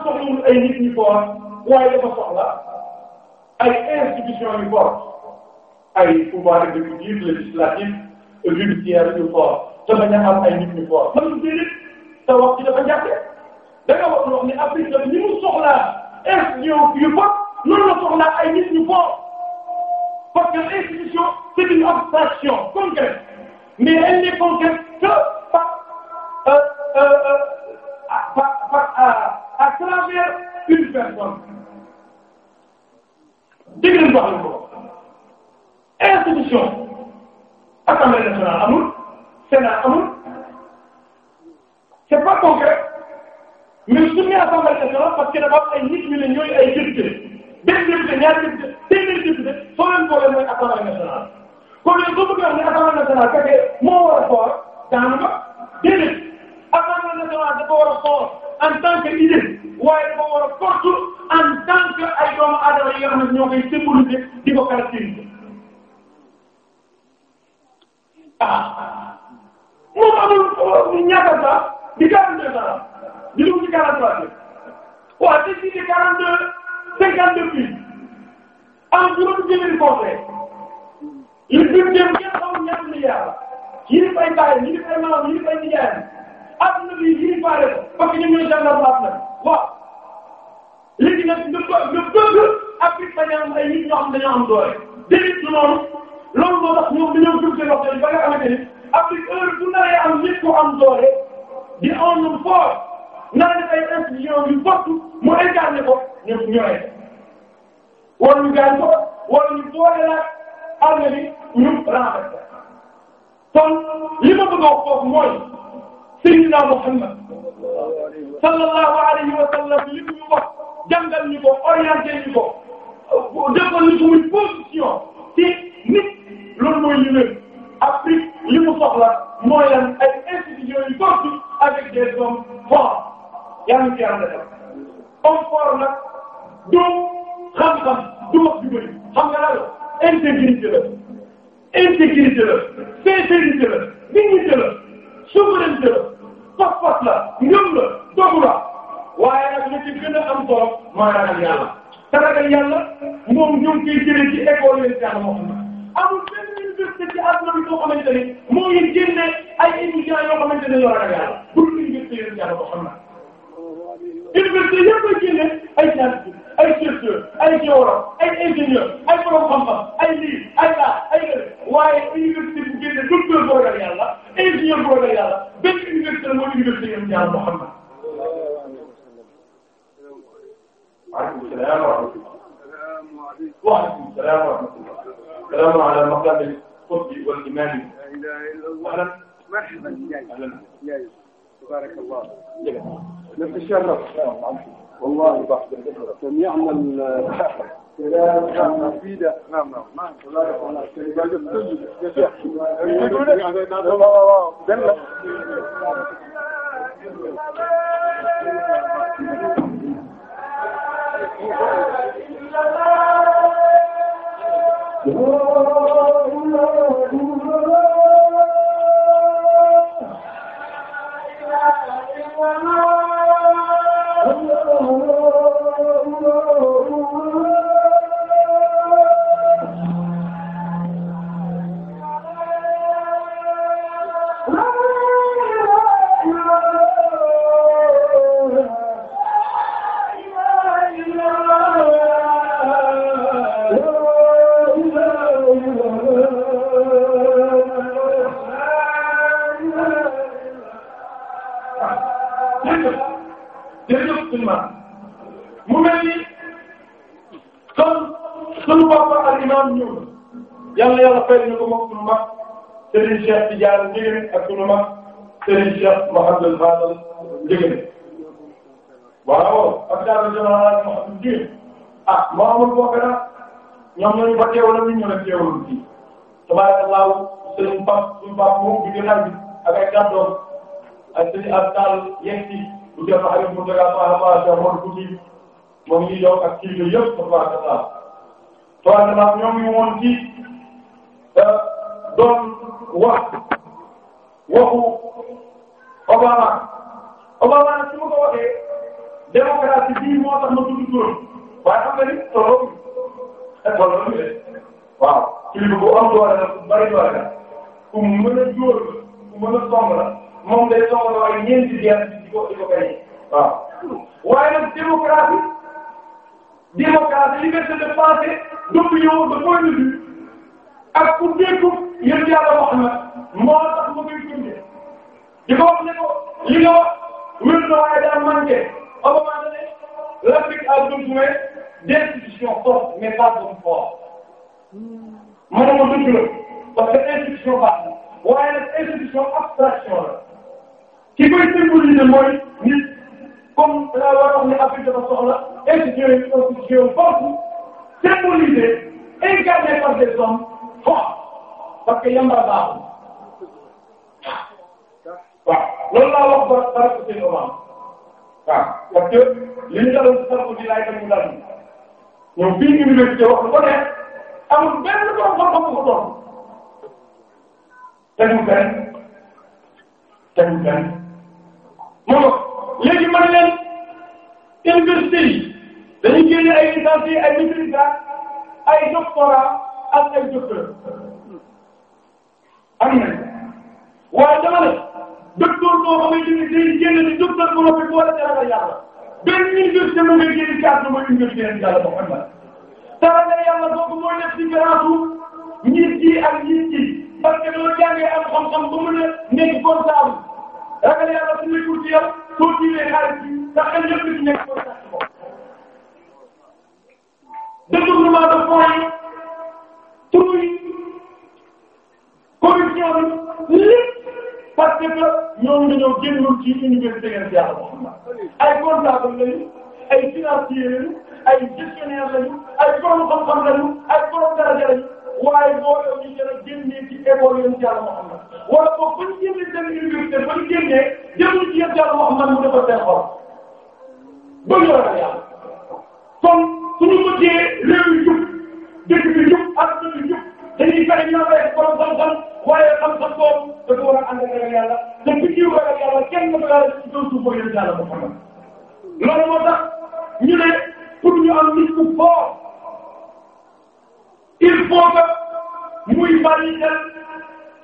soxlawul ay nit ñu fort waaye dafa soxla ay institutions yu fort ay pouvoir exécutif législatif judiciaire yu fort te bañ a am ay nit ñu fort. man déedéet te wax ci dafa njàkkee da nga wax wax ni Afrique dafa ni mu soxlaa institution yu fort noonu la soxlaa ay nit ñu fort parce que l'institution c'est une abstraction concrète mais elle n'est concrète que par euh, euh, euh, par par. travers une personne dégg nañu wax ko institution assemblée nationale amul sénat amul c'est pas concret mais su ñu assemblée nationale parce que dafa am ay nit ñu ne ñooy ay député benn député ñaari député téeméeri député soo leen boole mooy assemblée nationale kon léegi soo bëgg a wax ne assemblée nationale fekkee moo war a xool daanu ba déedéet assemblée nationale dafa war a xool. en tant que leader waaye dafa war a porte en tant que ay doomu aadama yi nga xam ne ñoo koy symboliser di ko caractériser ah moom amul ñaata sax di 42 ans di dugg ci 43 waaw te ci di 42 52 fii am juróomi téeméeri conseil yu jëm jëm kenn xamul ñaata milliards yi di fay bàyyi yi di fay maam yi di fay àdduna bi yii faale ko parce que ñoom ñooy gendarmerie nag waaw léegi nag nga bëgg nga bëgg ak bi bañ a am ay nit ñoo xam dañoo am doole. déedéet du noonu loolu moo tax ñoom dañoo jëm seen waxtaan ba nga xamante ni Afrique heure bu naree am nit ku am doole di un homme fort nar def ay institutions yu bokk mu incarné ko ñoom ñooyee. wala ñu gaañ ko wala ñu doole la armée bi ñu renversé kon li ma bëgg a wax foofu mooy. sayyidina Muhammad sallallahu alayhi wa sallam li mu wax jàngal ñu ko orienté ñu ko defal ñu suñu position ci nit loolu mooy li leen Afrique li mu soxla mooy lan ay institutions yu fortes avec des hommes forts yaa ngi ci ànd ak homme fort nag du xam-xam du wax ju bëri xam nga daal intégrité la intégrité la sincérité la dignité la souveraineté la. pas-pas la ngëm la dogu la waaye nag li ci gën a am solo maa ragal yàlla te ragal yàlla moom ñu ngi koy jëlee ci école yi yàlla moo xam ne amul benn université ci àdduna bi boo xamante ne moo ngi génne ay étudiants yoo xamante ne yoo ragal yàlla bu dul université yi yàlla moo xam ne université yëpp a génne ay scientifique ay chercheur ay géographe ay ingénieur ay borom xam-xam ay lii ay la ay waaye université bu génne docteur boogal yàlla ingénieur boogal yàlla benn université la mooy université yam ñaar Muhammad waaleykum salaam wa rahmatullah waaleykum salaam wa rahmatullah salaamun ala maqaami al-qutbi wal imaami ahlan ahlan نتشرف والله جميعنا الكلام مفيدة نعم نعم Oh fay ñu ko moom sunu mag Serigne Cheikh Tidiane Ndieguene ak sunu mag Serigne Cheikh Mouhamadou Fadal Ndieguene waaw ak daal général Mouhamadou Ndieguene ah Mouhamadou Bokara ñoom ñooñu ba teewaloon ñu ñu la teewaloon fii tabarakallahu Serigne Pape suñu Pape moom bi ñu xaj ak ay gàddoom ak Serigne Abdal yegg si lu jëm ak ay Mountakha Mouhamadou Cheikh Mouhamadou Koutié moom ñu ngi yow ak kii yooyu yëpp tabarakallahu ñoom ñu woon ci doon wax waxu Obama Obama nag su ma ko waxee démocratie bii moo tax ma tudd góor waaye xam nga ni tolloo tolloo bi de waaw kilifa bu am doole la bu bari doole la ku mën a góor ku mën a song la moom day song la waaye ñeenti diyaar di ko di ko gañe waaw waaye nag démocratie démocratie liberté de pensée d'opinion de point de vue ak ku dégg yéen yàlla wax na moo tax mu ngi dund di ko wax ne ko li nga wax wér na waaye daal manqué au moment donné l'Afrique a besoin d'institutions fortes mais pas d'hommes forts mënuma dëgg la parce que institution baax na waaye nag institution abstraction la ki koy symboliser mooy nit comme la war wax ne Afrique dafa soxla institution institution forte symbolisée incarnée par des hommes fort parce que yamba baaxul waaw loolu laa wax ba ba rafetlu seen waaw parce que li ñu daloon si sàmm bi laay dem mu dal ñoom fii université wax ko ne amul benn tool ba xam ko tool tegu benn tegu benn moom léegi ma ne leen université yi dañuy génne ay licenciés ay maîtrise ay doctorat ak ay docteur am nañ waaye dama ne docteur boo xam ne dañuy dañuy génn ni docteur bu rafet wala dara yàlla benn université ma ngay génn carte mooy université yàlla Muhammad dara nga yàlla boobu mooy def différence u nit ji ak nit ji parce que doo jàngee am xam-xam ba mën a nekk comptable ragal yàlla su nekkul ci yow soo jiwee xaalis bi ndax xel yëpp ci nekk comptable ko détournement de fonds ñoom lépp parce que ñoom dañoo génnoon ci université yi yàlla ay comptables lañu ay financiers lañu ay gestionnaires lañu ay borom xam-xam lañu ay borom daraja lañu waaye boo ñu gën a génnee ci école yi yàlla Muhammad wala boog ba ñu génnee seen université ba ñu génnee jëmuñu ci yàlla Muhammad mu defal seen xol ba ñu war a yàlla kon suñu mujjee réew yu jub dëkk bi jub dañuy fexe ñoo koy def borom xam-xam waaye xam-xam boobu dafa war a ànd ak ragal yàlla te bi ñuy ragal yàlla kenn dafa yàlla ci kaw suuf mooy yéen yàlla ba xamal loolu moo tax ñu ne pour ñu am nit ku fort il faut que muy bari del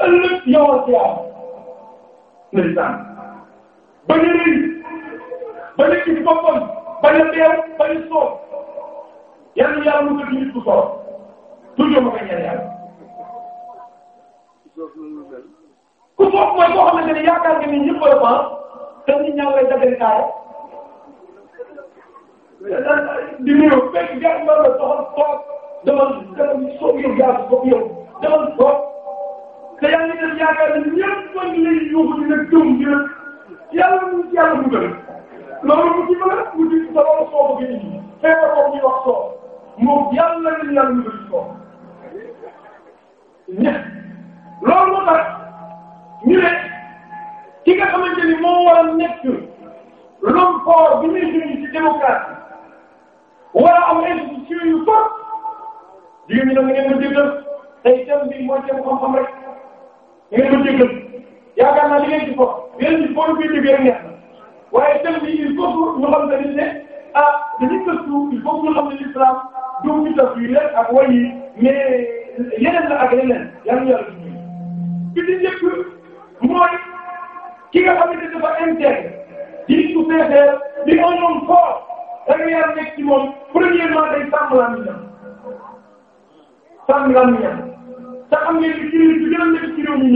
ëllëg yowal ci yàlla ndeysaan bañ a réy bañ a gis boppam bañ a teew bañ a soob yàlla yàlla mu dëkk nit ku soob toujours ma koy ñaan yàlla ku foofu mooy koo xamante ne yaakaar nga ni ñëpp a mën te nit ñaa ngi lay jàppale di nuyu fekk gerte mën na soxal toog demal demal soog yow yaa soog yow demal toog te yaa ngi def yaakaar ne ñëpp a ngi lay yóbbu di la gëm di la yàlla mu yàlla mu gën loolu mu ci mën a mu ci sa loolu soo bëgg nii feebar boobu ñuy wax soo moom yàlla nañu yàlla mu gën soo ñett loolu moo tax ñu ne ki nga xamante ni moo war a nekk l'homme fort bi ñuy jëriñ ci démocratie war a am institution yu fort jigéen ñi nag ngeen ma jéggal tey thème bi mooy thème xam-xam rek ngeen ma jéggal yaakaar naa li ngeen ci fort yéen ñi fort bi jógee rek neex na waaye thème bi il faut ñu xam dañu ne ah dañu gëstu il faut ñu xam ne l'islam du ñu tas yu leen ak way yi mais yeneen la ak yeneen yan yàlla bi li njëkk mooy ki nga xamante ne dafa intérêt di su feesee di un homme fort da nga yar nekk ci moom premièrement day sàmm làmmiñam sàmm làmmiñam te xam ngeen ni kilifa bi gën a nekk ci réew mi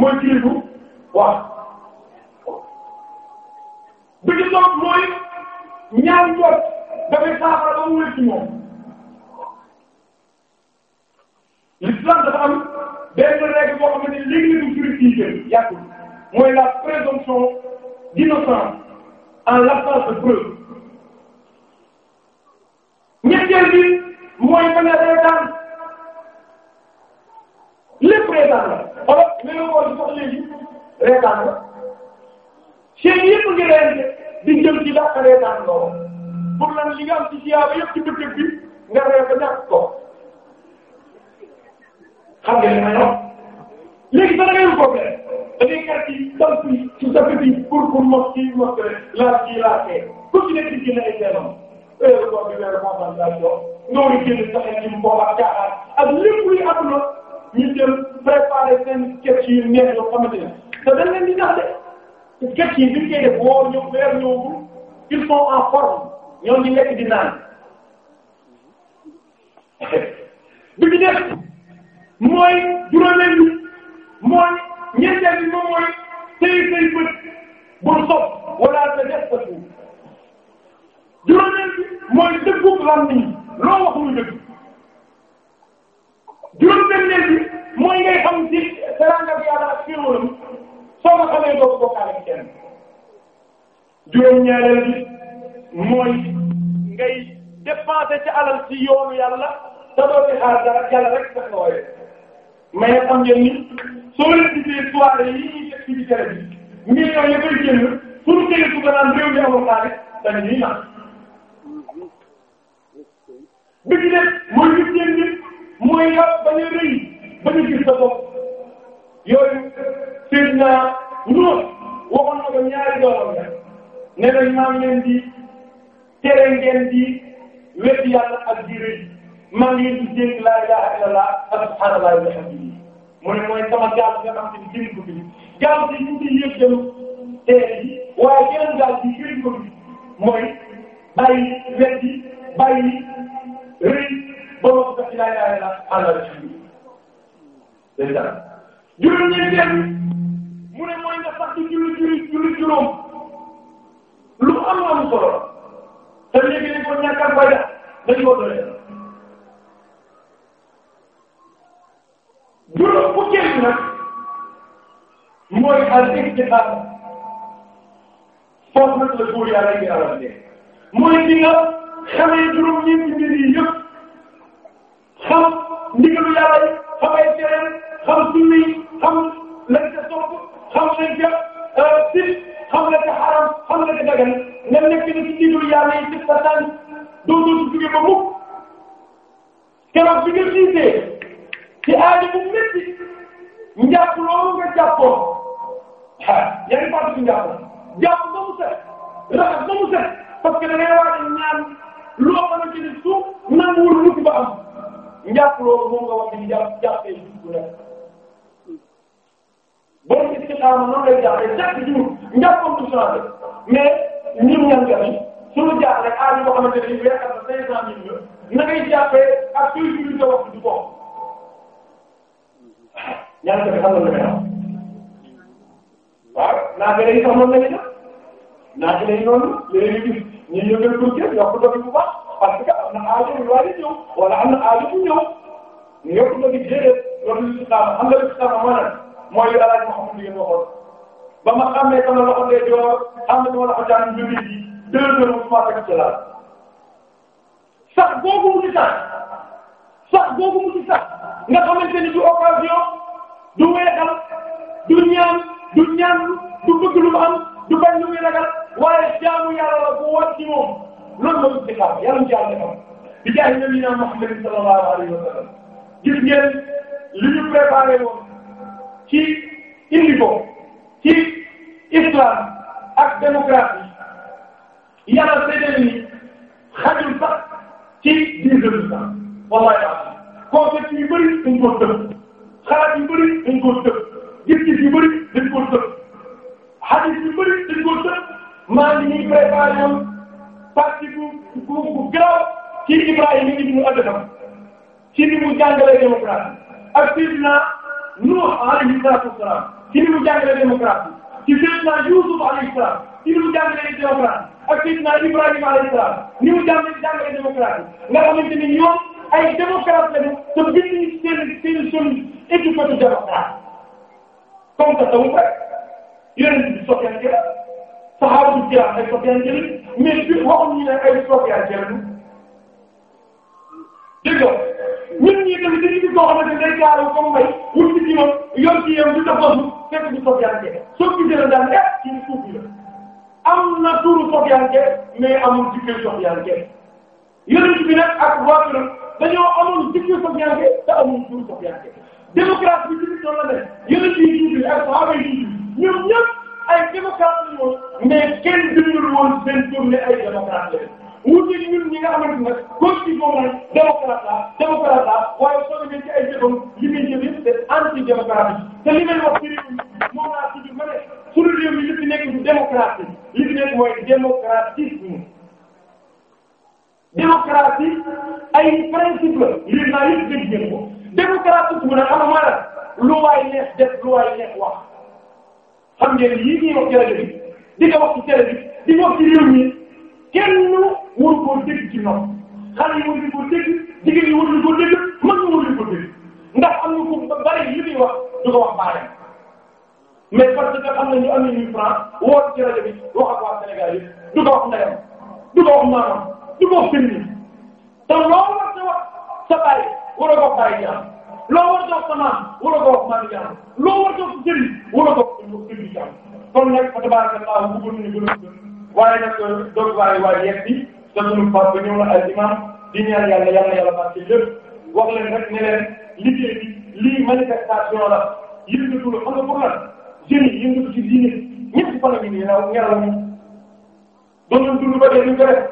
mooy kilifa waaw bi ci toog mooy ñaar njort dafay saafara ba mu wér ci moom l'islam dafa am. benn règle boo xamante ni léegi la ñu juridique yàggul mooy la présomption d'innocence en l'absence de preuve ñetteel bi mooy mën a reetaan lépp reetaan la xoolal li nga ko wax léegi reetaan la seen yëpp ngi reente di jëm ci dàq reetaan lool pour lan li nga am ci siyaaba yëpp ci bëccëg bi nga reet ba ñàkk ko. xam nga li may wax léegi dana ngay problème da ngay gàtt yi dal fii ci sa bi pour pour mos kii mos laaj kii laajtee pour ci nekk ci ay teelam heure boo bi weer concentré noonu génn saxee ci mboq ak caaxaan ak lépp luy àdduna ñu dem préparer seen sketch yu neex yoo xamante ne te dañ leen di tax de sketch yi biñ koy def woo ñëw weer ñëwul ils sont en forme ñoo ngi lekk di naan <laughs> bi ñu def. mooy juróomeel bi mooy ñeenteel bi mooy téye say bët bul sopp wala sa def sa suuf juróomeel bi mooy dëggug làmmiñ loo wax muy dëgg juróom-benneel bi mooy ngay xam ci teranga bi yàlla ak xéewalam soo ko xamee doo bokkaale ak kenn juróom-ñaareel bi mooy ngay dépenser ci alal ci yoonu yàlla te doo xaar dara yàlla rek sax nga mais xam ngeen soo leen gisee soirée yi ñuy teg ci biir bi millions ya koy génn pour tey su ko naan réew mi amul xaalis dañu ñuy naan. bi ci des mooy li ci nit mooy yow bañ a rëy bañ a gis sa bopp yooyu seen naa Nuux waxoon na ko ñaari doomam la ne leen maa ngi leen di tere ngeen di maa ngi leen di dégg laa ilaha illallah ak subhanallah wa bihamdihi mu ne mooy sama gaal bi nga xam ne jëriñ ko bi gaal bi ñu ngi yëg jëm teel ji waaye yeneen gaal bi jëriñ ko bi mooy bàyyi weddi bàyyi rëy ba ma ko def laa ilaha illallah subhanallah wa bihamdihi dégg nga juróom-ñeenteel mu ne mooy nga fàttali julli julli julli juróom lu am am solo te léegi dañ ko ñàkk a fayda dañ juróom fukkeel bi nag mooy al istiqaama foofu nag la góor yàlla ngi alal de mooy li nga xamee juróom ñeenti mbir yi yëpp xam ndigalu yàlla yi xam ay tereen xam sunna yi xam lañ ca sopp xam lañ ca euh, sit xam la ca xaram xam la ca dagan nga nekk na ci ndigalu yàlla yi ci fasaan doo doo ci jóge ba mukk keroog bi nga jiitee ci aada bu métti njàpp loolu nga jàppoon ah yaa ngi fàttali ci njàpp jàpp ba mu set raxas ba mu set parce que da ngay war a ñaan loo xamante ni suuf nanguwul lu ci ba am njàpp loolu moom nga wax ni jàpp jàppee suuf bu nekk. boo ngi ci xaaral noonu lay jàppee chaque jour njàppam du changé mais ñun ñan nga ni suñu jàpp rek aada boo xamante ni weexal na cinq cent mille na ngay jàppee ak suy julli sa waxtu du ñaata bi xam nga lu may wax waaw naafee la yi sax noonu la ñuy def naafee la yi noonu léeg-léeg gis ñu yëngal tur bi yokk doog bu baax parce que am na aajo yu war a ñëw wala am na aajo yu ñëw yokk doog yi déedéet loolu li xam nga li ci sama moo nag mooy li alaaj ma xamul ngeen waxoon ba ma xamee sama loxo day joor xam nga sama loxo daan bi deux heures mu ma teg ci laal sax boobu mu ci sax sax boobu mu ci sax. nga xamante du occasion du weexal du ñaan du ñaan du du bañ lu muy jaamu yàlla la bu war ci moom loolu mooy istixaara yàlla mu ci yàlla defal di jaay nabina Muhammadin sallallahu alayhi wa sallam gis ngeen ci indi ci islam ak démocratie yàlla seedeel ni xajul ci dix heures du concept yu bëri dañ koo tëb xalaat yu bëri dañ koo tëb gis-gis yu bëri dañ koo tëb hadith yu bëri dañ koo tëb maa ngi ñuy préparé woon partie bu bu bu garaaw ci Ibrahima nit ñi mu àdduna ci ni mu jàngalee démocratie ak Seydina Nuh alayhi salaatu ak Seydina Ibrahima alayhi salaam ni mu jàngalee démocratie nga xamante ni ñoom. ay démocrate lañu te bind ñu seen seen seen éducation démocrate comme que taw rek yeneen bi socialité la saxaabu bi am ay socialité lañu mais bi waxoon ñu ne ay socialité lañu dégg nga ñun ñii tamit dañuy gis koo xamante ne day jaaroo comme may wut ci jiwam yor ci yam du taxawu fekk du socialité soo gisee la daan def ci suuf bi la am na turu socialité mais amul ci biir socialité yonent bi nag ak waa dañoo amoon dikki sofiyanke te amoon suur sofiyanke démocrate bi tamit noonu la def yeneen yi tuuti ak saaba yi tuuti ñoom ñëpp ay démocrate lañu woon mais kenn dundul woon seen tournée ay démocrate lañu wuute ñun ñi nga xamante ne constitution démocrate la démocrate la waaye soo demee ci ay jëfam li muy jëf yëpp c'est anti démocrate te li may wax ci réew mi moom laa tudd ma ne sunu réew mi li fi nekk du démocrate li fi nekk mooy démocratisme démocratie ay principe la lii naa yëpp dégg ngeen ko démocratie bu ne xam nga lu waay neex lu waay neex wax xam ngeen yii ñuy wax ci rajo di nga wax ci télé bi di nga wax ci réew mi kenn waru koo dégg ci noonu xale yi waruñu koo dégg jigéen yi waruñu koo dégg mag ñi waruñu koo dégg ndax am na bari li muy wax du ko wax baale mais parce que xam nañu am nañu franc woote ci rajo bi wax ak waa Sénégal yi du ko wax ndeyam du ko wax maanaam. du ma wax sëriñ te loo war a wax sa bàyyi war a ko bàyyi jàmm loo war a jox sa maam war a ko wax maam jàmm loo war a jox sa sëriñ war a ko wax sëriñ jàmm kon nag fa tabarakallah bëggoon nañu gën a gën waaye nag euh, doog waaye waaye yegg si sa sunu papa ñëw na al imam di ñaan yàlla yàlla yàlla barke lépp wax leen rek ne leen liggéey bi lii manifestation la yëngatu la xam nga pour lan jeunes yi yëngatu ci diine ñëpp fan la ñu ñëw ñaar la ñu doon dund ba dee ñu ko def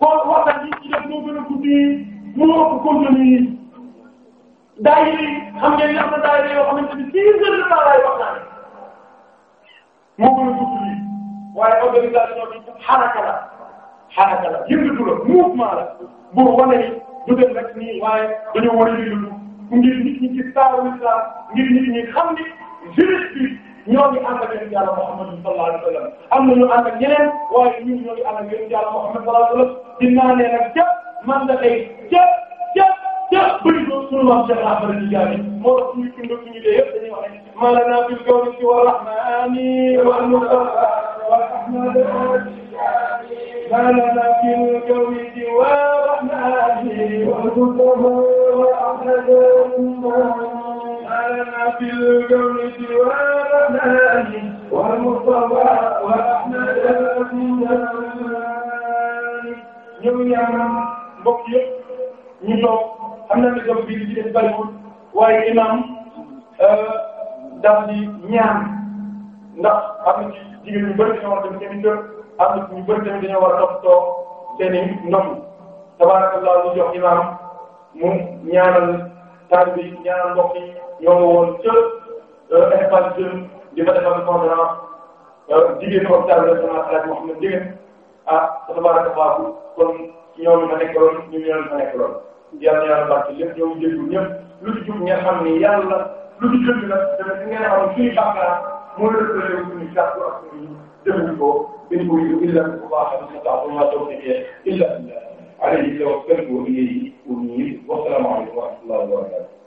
xool waxtaan yi ci def moo gën a guddi moo ëpp contenu yi daayira yi xam ngeen yàq na daayira yoo xamante ni six heures de temps laay waxtaane moo gën a gudd lii waaye organisation bi xaraka la xaraka la yëngatu la mouvement la boo wane ni du dem rek nii waaye dañoo war a yëngatu ngir nit ñi ci taaru islam ngir nit ñi xam ni jeunesse bi ñoo ngi ànd ak yonent yàlla Muhammad sallallahu alayhi wa sallam am na ñu ànd ak ñeneen waaye ñun ñoo ngi ànd ak yonent yàlla Muhammad sallallahu alayhi wa sallam dinaa ne nag ca man da tey ca ca ca bëri na sunu maam Cheikh Ahmad Tidiane moo tax suñu dund ak suñu dee yëpp dañuy wax ne ma lana fil kawni wa rahmani wa nuqaba wa ahmad ma lana fil kawni wa rahmani wa nuqaba wa ahmad لنا في الكون ديوانا والمصطفى وأحمد الأمين ñëw ñaanal mbokk yëpp ñu toog xam naa ne dama bi ci des bariwul waaye imam daf di ñaan ndax am na ci jigéen ñu bëri dañoo war a dem seen kër am na ñu bëri tamit dañoo war a toog toog seen i ndox tabarakallah ñu jox imam mu ñaanal taalibe yi ñaanal mbokk yi ñoo ma woon ca espace jeune di fa defal conférence jigéen hôpital régional Alaaji Mouhamed Ndieguène ah tabaarakallahu kon ñoom ma nekkaloon ñu ñoo ma nekkaloon yàlla yàlla barke lépp ñoo jéggu ñëpp lu ci jub nga xam ni yàlla lu ci jënd nag tamit ngeen xam suñu bàkkaar moo leen tëjee suñu gàttu ak suñu jëmmi ko dañ ko yóbbu illa bu baax a baax a ma tawfiqi illa billah alayhi tawakkaltu wa ilayhi unib wa salaamu alaykum wa rahmatullahi wa barakatuh